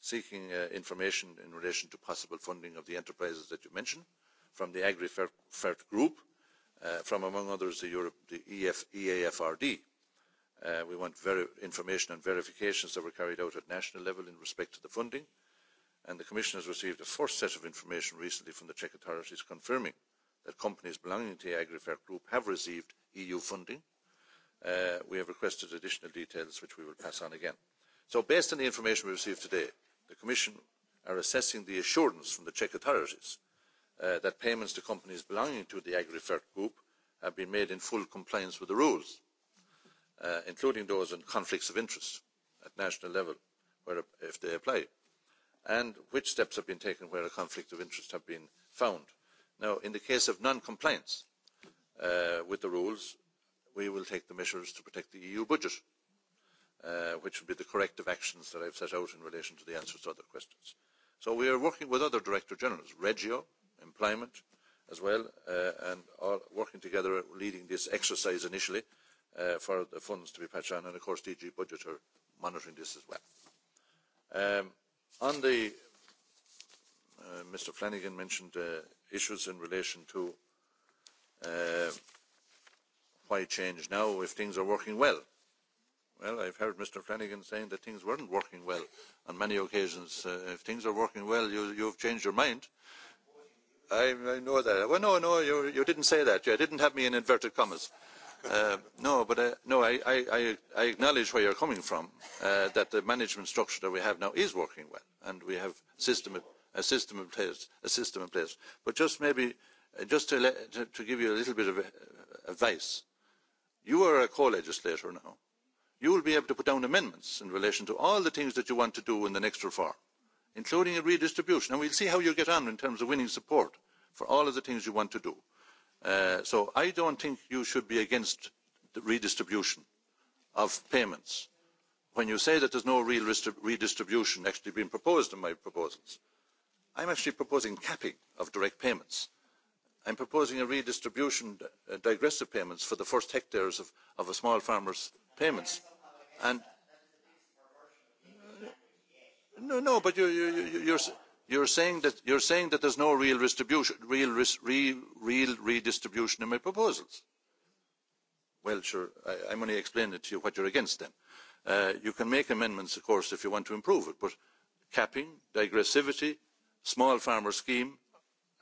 Speaker 4: seeking uh, information in relation to possible funding of the enterprises that you mentioned from the AgriFert group, uh, from among others the, Europe, the EF, EAFRD. Uh, we want very information and verifications that were carried out at national level in respect to the funding. And the Commission has received a first set of information recently from the Czech authorities confirming that companies belonging to the AgriFert group have received EU funding. Uh, we have requested additional details which we will pass on again. So based on the information we received today, the Commission are assessing the assurance from the Czech authorities Uh, that payments to companies belonging to the AgriFert group have been made in full compliance with the rules, uh, including those on conflicts of interest at national level, where, if they apply, and which steps have been taken where a conflict of interest have been found. Now, in the case of non-compliance uh, with the rules, we will take the measures to protect the EU budget, uh, which will be the corrective actions that I've set out in relation to the answers to other questions. So we are working with other Director Generals, Regio, employment as well, uh, and all working together, leading this exercise initially uh, for the funds to be patched on, and of course DG Budget are monitoring this as well. Um, on the, uh, Mr Flanagan mentioned uh, issues in relation to uh, why change now if things are working well. Well, I've heard Mr Flanagan saying that things weren't working well on many occasions. Uh, if things are working well, you, you've changed your mind. Uh, I, know that. Well, no, no, you, you didn't say that. You didn't have me in inverted commas. Uh, no, but uh, no, I, I, I acknowledge where you're coming from, uh, that the management structure that we have now is working well, and we have system, a system in place. A system in place. But just maybe, uh, just to, let, to, to give you a little bit of uh, advice, you are a co-legislator now. You will be able to put down amendments in relation to all the things that you want to do in the next reform including a redistribution. And we'll see how you get on in terms of winning support for all of the things you want to do. Uh, so I don't think you should be against the redistribution of payments. When you say that there's no real redistribution actually being proposed in my proposals, I'm actually proposing capping of direct payments. I'm proposing a redistribution, uh, digressive payments for the first hectares of, of a small farmer's payments. And No, but you, you, you're, you're saying that you're saying that there's no real redistribution, real, re, real redistribution in my proposals. Well, sure, I, I'm only explaining to you what you're against. Then uh, you can make amendments, of course, if you want to improve it. But capping, digressivity, small farmer scheme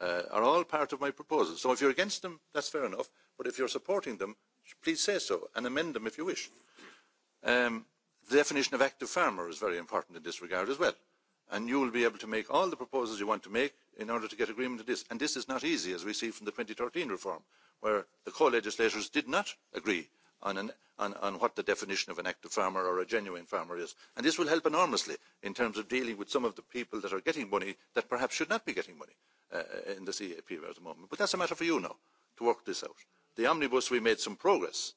Speaker 4: uh, are all part of my proposals. So if you're against them, that's fair enough. But if you're supporting them, please say so and amend them if you wish. Um, The definition of active farmer is very important in this regard as well. And you will be able to make all the proposals you want to make in order to get agreement on this. And this is not easy, as we see from the 2013 reform, where the co-legislators did not agree on, an, on, on what the definition of an active farmer or a genuine farmer is. And this will help enormously in terms of dealing with some of the people that are getting money that perhaps should not be getting money uh, uh in the CAP at the moment. But that's a matter for you now to work this out. The omnibus, we made some progress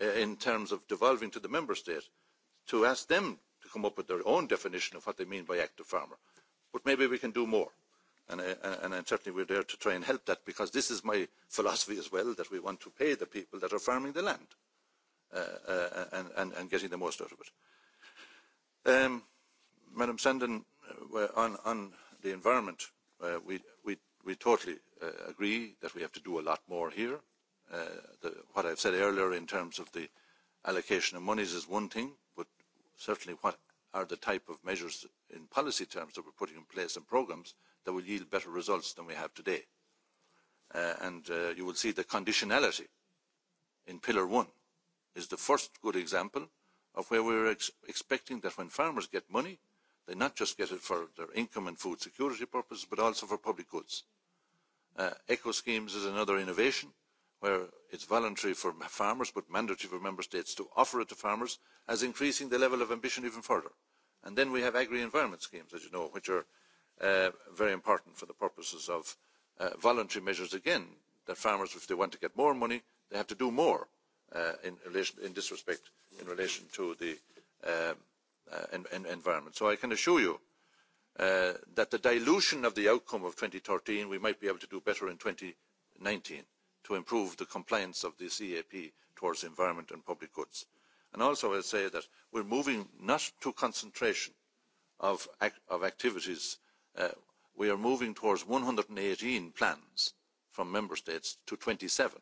Speaker 4: uh, in terms of devolving to the member state to ask them to come up with their own definition of what they mean by active farmer. But maybe we can do more. And, uh, and, and certainly we're there to try and help that because this is my philosophy as well, that we want to pay the people that are farming the land uh, uh, and, and, and getting the most out of it. Um, Madam Sandon, uh, on, on the environment, uh, we, we, we totally uh, agree that we have to do a lot more here. Uh, the, what I've said earlier in terms of the allocation of monies is one thing, certainly what are the type of measures in policy terms that we're putting in place and programmes that will yield better results than we have today. Uh, and uh, you will see the conditionality in pillar one is the first good example of where we're ex- expecting that when farmers get money, they not just get it for their income and food security purposes, but also for public goods. Uh, eco schemes is another innovation. Uh, where it's voluntary for farmers but mandatory for member states to offer it to farmers as increasing the level of ambition even further. And then we have agri-environment schemes, as you know, which are uh, very important for the purposes of uh, voluntary measures again, that farmers, if they want to get more money, they have to do more uh, in, relation, in this respect in relation to the uh, uh, environment. So I can assure you uh, that the dilution of the outcome of 2013, we might be able to do better in 2019 to improve the compliance of this EAP towards environment and public goods. And also i say that we're moving not to concentration of, act, of activities. Uh, we are moving towards 118 plans from member states to 27,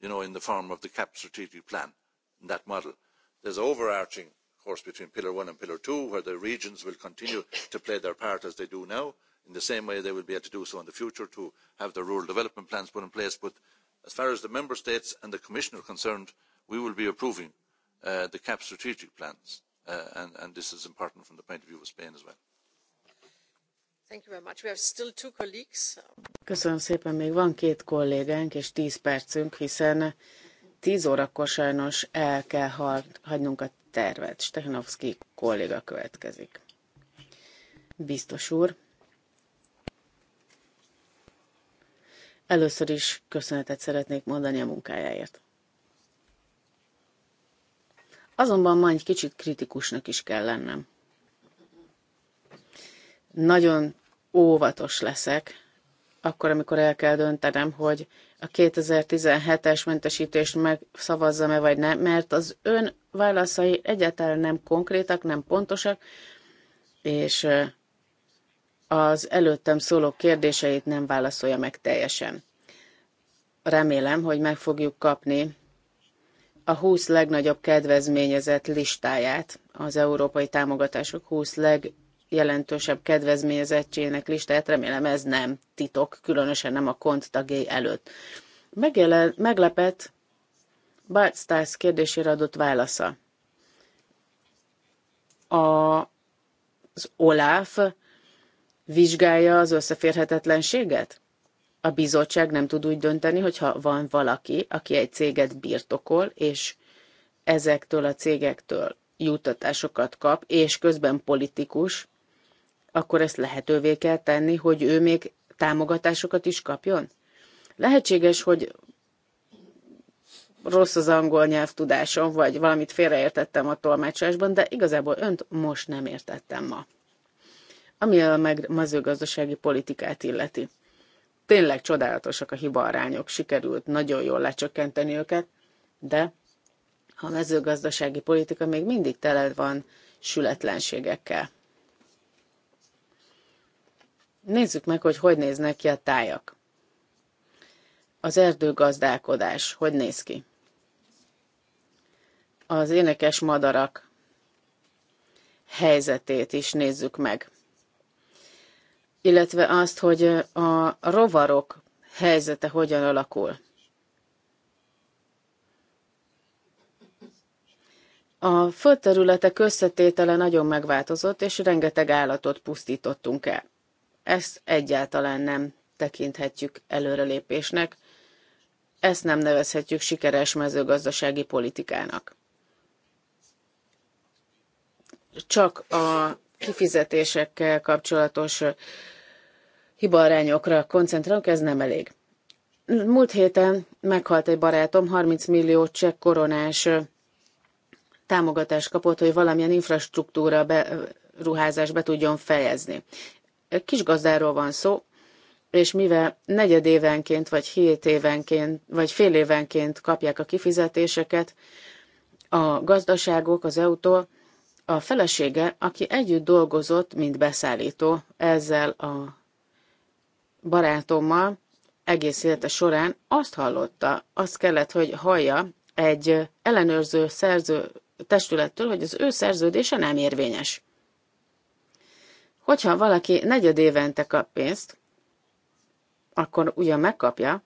Speaker 4: you know, in the form of the CAP strategic plan, in that model. There's overarching, of course, between Pillar 1 and Pillar 2, where the regions will continue to play their part as they do now in the same way they will be able to do so in the future to have their rural development plans put in place. But as far as the member states and the commission are concerned, we will be approving uh, the CAP strategic plans, uh, and, this is important from the point of view of Spain as well.
Speaker 2: Thank you very much. We have still two colleagues.
Speaker 1: Köszönöm szépen, még van két kollégánk és tíz percünk, hiszen tíz órakor sajnos el kell hagynunk a tervet. Stehanovszki kolléga következik. Biztos úr, Először is köszönetet szeretnék mondani a munkájáért. Azonban ma egy kicsit kritikusnak is kell lennem. Nagyon óvatos leszek, akkor, amikor el kell döntenem, hogy a 2017-es mentesítést megszavazzam-e vagy nem, mert az ön válaszai egyáltalán nem konkrétak, nem pontosak, és az előttem szóló kérdéseit nem válaszolja meg teljesen. Remélem, hogy meg fogjuk kapni a 20 legnagyobb kedvezményezett listáját, az európai támogatások 20 legjelentősebb kedvezményezettjének listáját. Remélem ez nem titok, különösen nem a kont tagjai előtt. Megjelen, meglepett Bart Stiles kérdésére adott válasza. A, az Olaf vizsgálja az összeférhetetlenséget? A bizottság nem tud úgy dönteni, hogyha van valaki, aki egy céget birtokol, és ezektől a cégektől juttatásokat kap, és közben politikus, akkor ezt lehetővé kell tenni, hogy ő még támogatásokat is kapjon? Lehetséges, hogy rossz az angol nyelvtudásom, vagy valamit félreértettem a tolmácsásban, de igazából önt most nem értettem ma ami a mezőgazdasági politikát illeti. Tényleg csodálatosak a hibaarányok, sikerült nagyon jól lecsökkenteni őket, de a mezőgazdasági politika még mindig tele van sületlenségekkel. Nézzük meg, hogy hogy néznek ki a tájak. Az erdőgazdálkodás hogy néz ki? Az énekes madarak helyzetét is nézzük meg illetve azt, hogy a rovarok helyzete hogyan alakul. A földterületek összetétele nagyon megváltozott, és rengeteg állatot pusztítottunk el. Ezt egyáltalán nem tekinthetjük előrelépésnek, ezt nem nevezhetjük sikeres mezőgazdasági politikának. Csak a kifizetésekkel kapcsolatos hibaarányokra koncentrálunk, ez nem elég. Múlt héten meghalt egy barátom, 30 millió csekk koronás támogatást kapott, hogy valamilyen infrastruktúra beruházás be tudjon fejezni. Kis gazdáról van szó, és mivel negyed évenként, vagy hét évenként, vagy fél évenként kapják a kifizetéseket, a gazdaságok az eu a felesége, aki együtt dolgozott, mint beszállító ezzel a barátommal egész élete során azt hallotta, azt kellett, hogy hallja egy ellenőrző szerző testülettől, hogy az ő szerződése nem érvényes. Hogyha valaki negyed évente kap pénzt, akkor ugyan megkapja,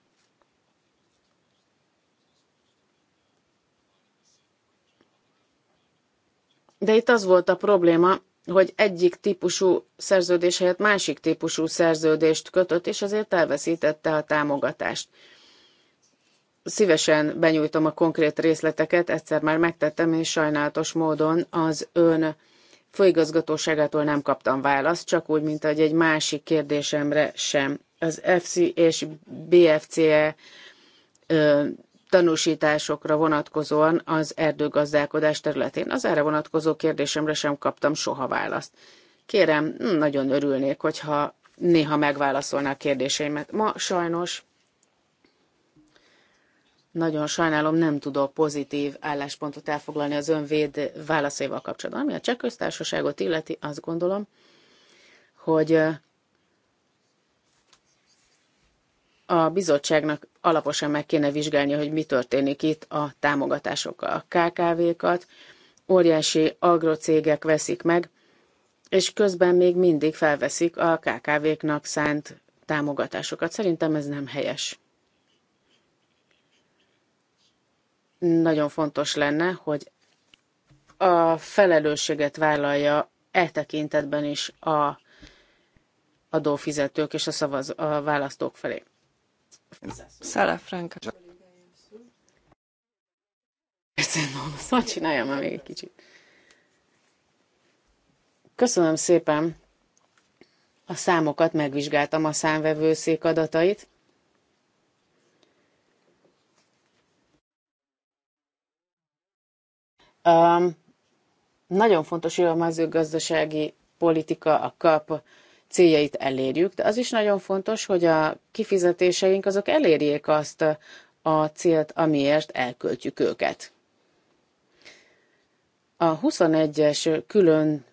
Speaker 1: de itt az volt a probléma, hogy egyik típusú szerződés helyett másik típusú szerződést kötött, és ezért elveszítette a támogatást. Szívesen benyújtom a konkrét részleteket, egyszer már megtettem, és sajnálatos módon az ön főigazgatóságától nem kaptam választ, csak úgy, mint egy másik kérdésemre sem. Az FC és BFCE tanúsításokra vonatkozóan az erdőgazdálkodás területén. Az erre vonatkozó kérdésemre sem kaptam soha választ. Kérem, nagyon örülnék, hogyha néha megválaszolná a kérdéseimet. Ma sajnos nagyon sajnálom, nem tudok pozitív álláspontot elfoglalni az önvéd válaszaival kapcsolatban. Ami a cseh köztársaságot illeti, azt gondolom, hogy a bizottságnak alaposan meg kéne vizsgálnia, hogy mi történik itt a támogatásokkal. A KKV-kat óriási agrocégek veszik meg, és közben még mindig felveszik a KKV-knak szánt támogatásokat. Szerintem ez nem helyes. Nagyon fontos lenne, hogy a felelősséget vállalja e tekintetben is a adófizetők és a, szavaz, a választók felé. Szelefránka. Köszönöm, szóval csináljam már még egy kicsit. Köszönöm szépen. A számokat megvizsgáltam a számvevőszék adatait. Um, nagyon fontos, hogy a mezőgazdasági politika, a kap céljait elérjük, de az is nagyon fontos, hogy a kifizetéseink azok elérjék azt a célt, amiért elköltjük őket. A 21-es külön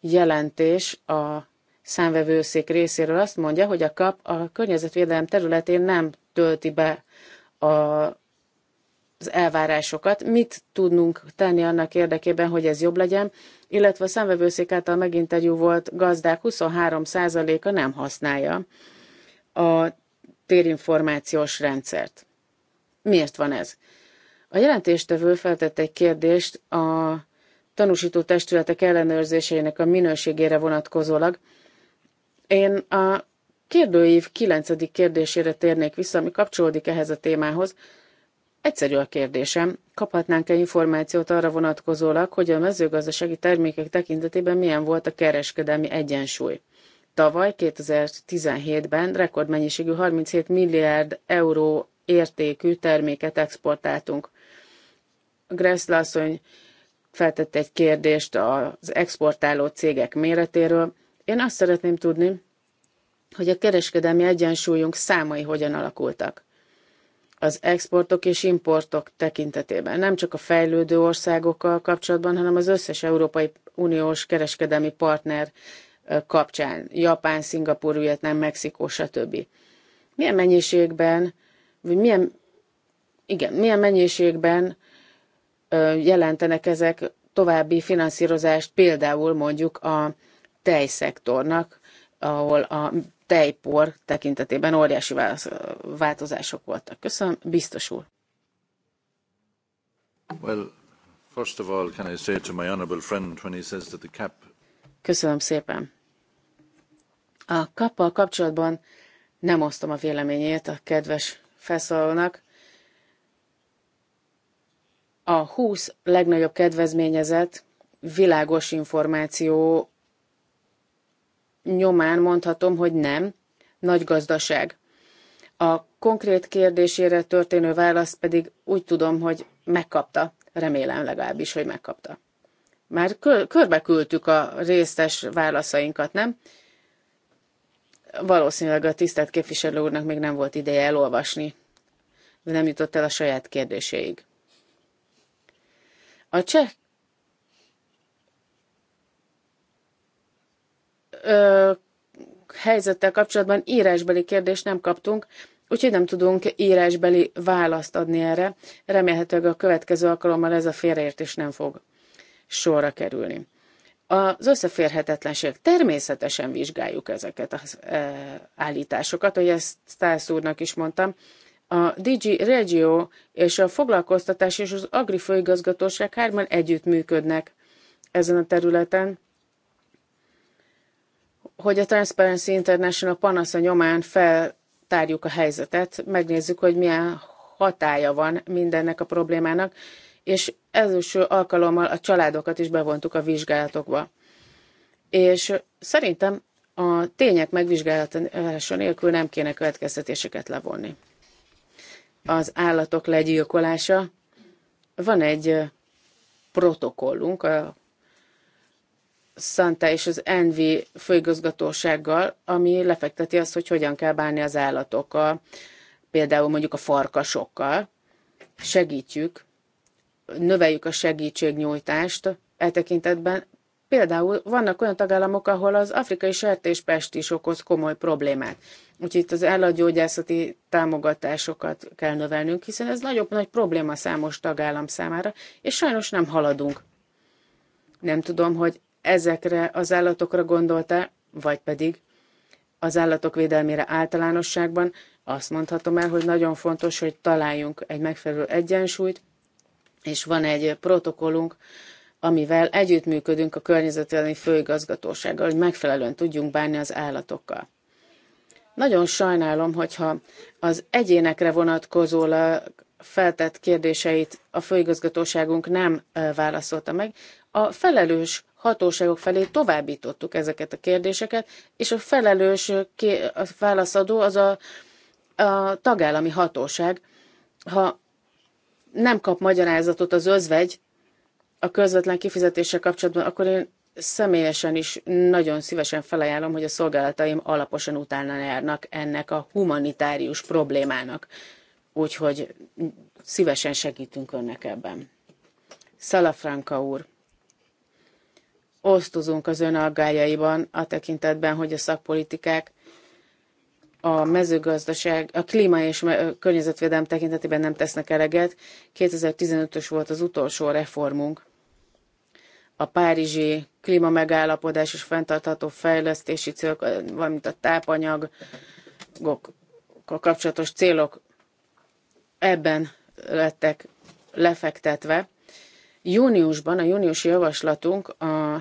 Speaker 1: jelentés a számvevőszék részéről azt mondja, hogy a kap a környezetvédelem területén nem tölti be a az elvárásokat, mit tudnunk tenni annak érdekében, hogy ez jobb legyen, illetve a számvevőszék által meginterjú volt gazdák 23%-a nem használja a térinformációs rendszert. Miért van ez? A jelentéstevő feltette egy kérdést a tanúsító testületek ellenőrzéseinek a minőségére vonatkozólag. Én a kérdőív 9. kérdésére térnék vissza, ami kapcsolódik ehhez a témához. Egyszerű a kérdésem, kaphatnánk-e információt arra vonatkozólag, hogy a mezőgazdasági termékek tekintetében milyen volt a kereskedelmi egyensúly? Tavaly 2017-ben rekordmennyiségű 37 milliárd euró értékű terméket exportáltunk. Gressle asszony feltette egy kérdést az exportáló cégek méretéről. Én azt szeretném tudni, hogy a kereskedelmi egyensúlyunk számai hogyan alakultak az exportok és importok tekintetében, nem csak a fejlődő országokkal kapcsolatban, hanem az összes Európai Uniós kereskedelmi partner kapcsán, Japán, Szingapur, Vietnám, Mexikó, stb. Milyen mennyiségben, vagy milyen, igen, milyen mennyiségben jelentenek ezek további finanszírozást, például mondjuk a tejszektornak, ahol a tejpor tekintetében óriási változások voltak. Köszönöm, biztos úr.
Speaker 4: Well, first of all, can I say to my honourable friend when he says that the cap...
Speaker 1: Köszönöm szépen. A kappal kapcsolatban nem osztom a véleményét a kedves felszólalónak. A 20 legnagyobb kedvezményezett világos információ nyomán mondhatom, hogy nem, nagy gazdaság. A konkrét kérdésére történő válasz pedig úgy tudom, hogy megkapta, remélem legalábbis, hogy megkapta. Már körbe küldtük a részes válaszainkat, nem? Valószínűleg a tisztelt képviselő úrnak még nem volt ideje elolvasni, nem jutott el a saját kérdéséig. A cseh ö, helyzettel kapcsolatban írásbeli kérdést nem kaptunk, úgyhogy nem tudunk írásbeli választ adni erre. Remélhetőleg a következő alkalommal ez a félreértés nem fog sorra kerülni. Az összeférhetetlenség. Természetesen vizsgáljuk ezeket az e, állításokat, hogy ezt Stász úrnak is mondtam. A DG Regio és a foglalkoztatás és az Agri főigazgatóság hárman együttműködnek ezen a területen hogy a Transparency International panasza nyomán feltárjuk a helyzetet, megnézzük, hogy milyen hatája van mindennek a problémának, és ezőső alkalommal a családokat is bevontuk a vizsgálatokba. És szerintem a tények megvizsgálása nélkül nem kéne következtetéseket levonni. Az állatok legyilkolása. Van egy protokollunk a Santa és az Envi főigazgatósággal, ami lefekteti azt, hogy hogyan kell bánni az állatokkal, például mondjuk a farkasokkal. Segítjük, növeljük a segítségnyújtást e tekintetben. Például vannak olyan tagállamok, ahol az afrikai sertéspest is okoz komoly problémát. Úgyhogy itt az állatgyógyászati támogatásokat kell növelnünk, hiszen ez nagyobb nagy probléma számos tagállam számára, és sajnos nem haladunk. Nem tudom, hogy ezekre az állatokra gondolta, vagy pedig az állatok védelmére általánosságban, azt mondhatom el, hogy nagyon fontos, hogy találjunk egy megfelelő egyensúlyt, és van egy protokollunk, amivel együttműködünk a környezetvédelmi főigazgatósággal, hogy megfelelően tudjunk bánni az állatokkal. Nagyon sajnálom, hogyha az egyénekre vonatkozólag feltett kérdéseit a főigazgatóságunk nem válaszolta meg. A felelős hatóságok felé továbbítottuk ezeket a kérdéseket, és a felelős a válaszadó az a, a tagállami hatóság. Ha nem kap magyarázatot az özvegy a közvetlen kifizetéssel kapcsolatban, akkor én személyesen is nagyon szívesen felajánlom, hogy a szolgálataim alaposan utána járnak ennek a humanitárius problémának úgyhogy szívesen segítünk önnek ebben. Szalafranka úr, osztozunk az ön aggájaiban a tekintetben, hogy a szakpolitikák a mezőgazdaság, a klíma és környezetvédelem tekintetében nem tesznek eleget. 2015-ös volt az utolsó reformunk. A párizsi klíma megállapodás és fenntartható fejlesztési célok, valamint a tápanyagok kapcsolatos célok ebben lettek lefektetve. Júniusban a júniusi javaslatunk a,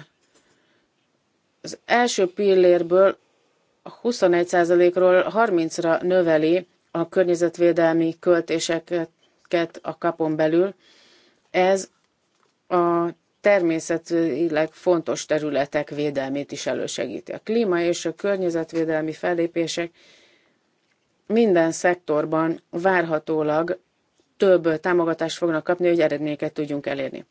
Speaker 1: az első pillérből 21%-ról 30-ra növeli a környezetvédelmi költéseket a kapon belül. Ez a természetileg fontos területek védelmét is elősegíti. A klíma és a környezetvédelmi fellépések minden szektorban várhatólag több támogatást fognak kapni, hogy eredményeket tudjunk elérni.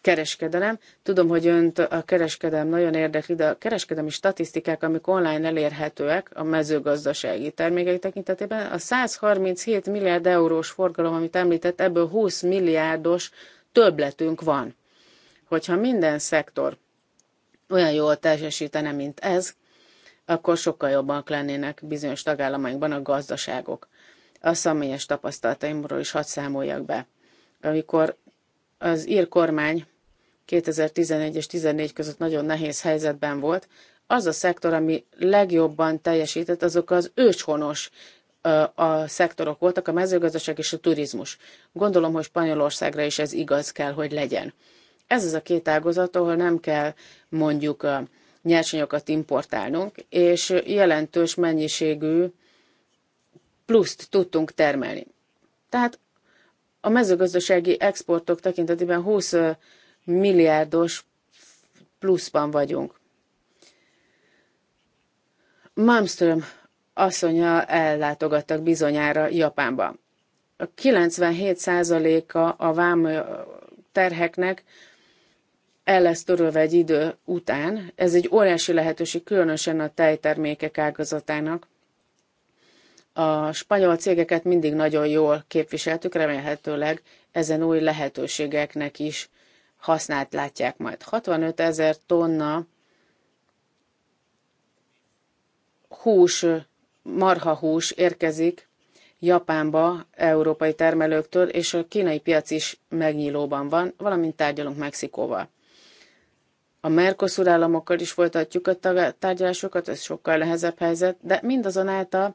Speaker 1: Kereskedelem. Tudom, hogy önt a kereskedelem nagyon érdekli, de a kereskedelmi statisztikák, amik online elérhetőek a mezőgazdasági termékek tekintetében, a 137 milliárd eurós forgalom, amit említett, ebből 20 milliárdos többletünk van. Hogyha minden szektor olyan jól teljesítene, mint ez, akkor sokkal jobbak lennének bizonyos tagállamainkban a gazdaságok. A személyes tapasztalataimról is hadd számoljak be. Amikor az ír kormány 2011 és 2014 között nagyon nehéz helyzetben volt, az a szektor, ami legjobban teljesített, azok az őshonos a szektorok voltak, a mezőgazdaság és a turizmus. Gondolom, hogy Spanyolországra is ez igaz kell, hogy legyen. Ez az a két ágazat, ahol nem kell mondjuk nyersanyagokat importálnunk, és jelentős mennyiségű pluszt tudtunk termelni. Tehát a mezőgazdasági exportok tekintetében 20 milliárdos pluszban vagyunk. Malmström asszonya ellátogattak bizonyára Japánba. A 97%-a a vám terheknek el lesz törölve egy idő után. Ez egy óriási lehetőség, különösen a tejtermékek ágazatának. A spanyol cégeket mindig nagyon jól képviseltük, remélhetőleg ezen új lehetőségeknek is hasznát látják majd. 65 ezer tonna hús, marhahús érkezik Japánba európai termelőktől, és a kínai piac is megnyílóban van, valamint tárgyalunk Mexikóval. A Mercosur államokkal is folytatjuk a tárgyalásokat, ez sokkal nehezebb helyzet, de mindazonáltal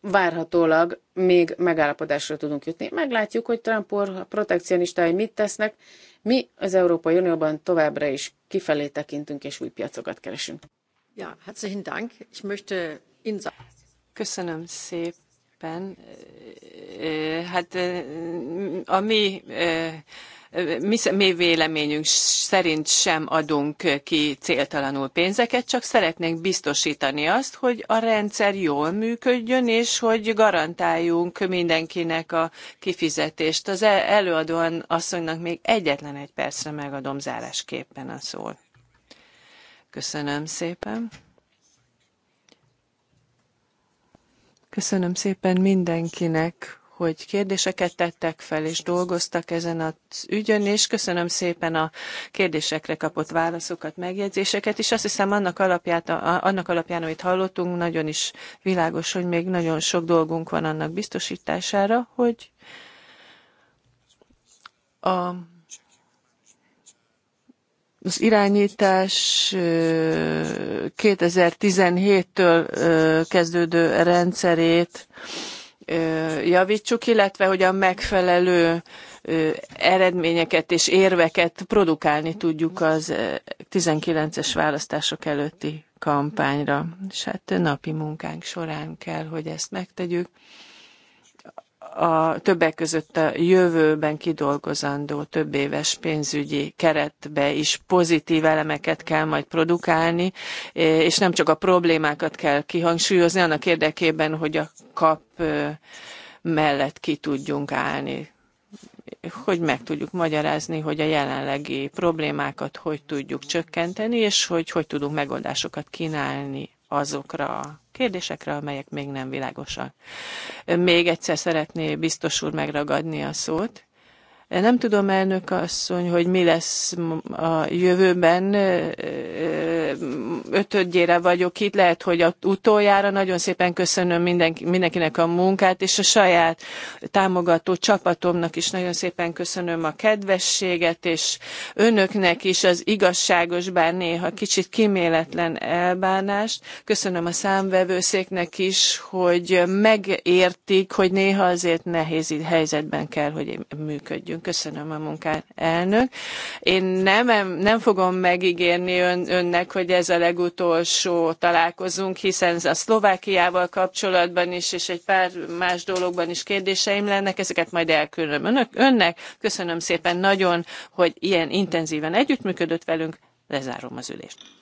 Speaker 1: várhatólag még megállapodásra tudunk jutni. Meglátjuk, hogy Trump protekcionistái mit tesznek. Mi az Európai Unióban továbbra is kifelé tekintünk és új piacokat
Speaker 2: keresünk. Ja, herzlichen Dank. Ich möchte Ihnen Köszönöm szépen. Hát a mi mi, mi véleményünk szerint sem adunk ki céltalanul pénzeket, csak szeretnénk biztosítani azt, hogy a rendszer jól működjön, és hogy garantáljunk mindenkinek a kifizetést. Az e-, előadóan asszonynak még egyetlen egy percre megadom zárásképpen a szót. Köszönöm szépen. Köszönöm szépen mindenkinek, hogy kérdéseket tettek fel és dolgoztak ezen az ügyön, és köszönöm szépen a kérdésekre kapott válaszokat, megjegyzéseket, és azt hiszem annak, alapját, annak alapján, amit hallottunk, nagyon is világos, hogy még nagyon sok dolgunk van annak biztosítására, hogy a az irányítás 2017-től kezdődő rendszerét javítsuk, illetve hogy a megfelelő eredményeket és érveket produkálni tudjuk az 19-es választások előtti kampányra. És hát napi munkánk során kell, hogy ezt megtegyük a többek között a jövőben kidolgozandó több éves pénzügyi keretbe is pozitív elemeket kell majd produkálni, és nem csak a problémákat kell kihangsúlyozni, annak érdekében, hogy a kap mellett ki tudjunk állni hogy meg tudjuk magyarázni, hogy a jelenlegi problémákat hogy tudjuk csökkenteni, és hogy hogy tudunk megoldásokat kínálni azokra a kérdésekre, amelyek még nem világosak. Még egyszer szeretné biztos úr megragadni a szót. Nem tudom, elnök asszony, hogy mi lesz a jövőben. Ötödjére vagyok itt, lehet, hogy a utoljára. Nagyon szépen köszönöm mindenki, mindenkinek a munkát, és a saját támogató csapatomnak is nagyon szépen köszönöm a kedvességet, és önöknek is az igazságos, bár néha kicsit kiméletlen elbánást. Köszönöm a számvevőszéknek is, hogy megértik, hogy néha azért nehéz helyzetben kell, hogy működjünk beszéltünk. Köszönöm a munkát, elnök. Én nem, nem fogom megígérni ön, önnek, hogy ez a legutolsó találkozunk, hiszen a Szlovákiával kapcsolatban is, és egy pár más dologban is kérdéseim lennek, ezeket majd elkülönöm önök, önnek. Köszönöm szépen nagyon, hogy ilyen intenzíven együttműködött velünk. Lezárom az ülést.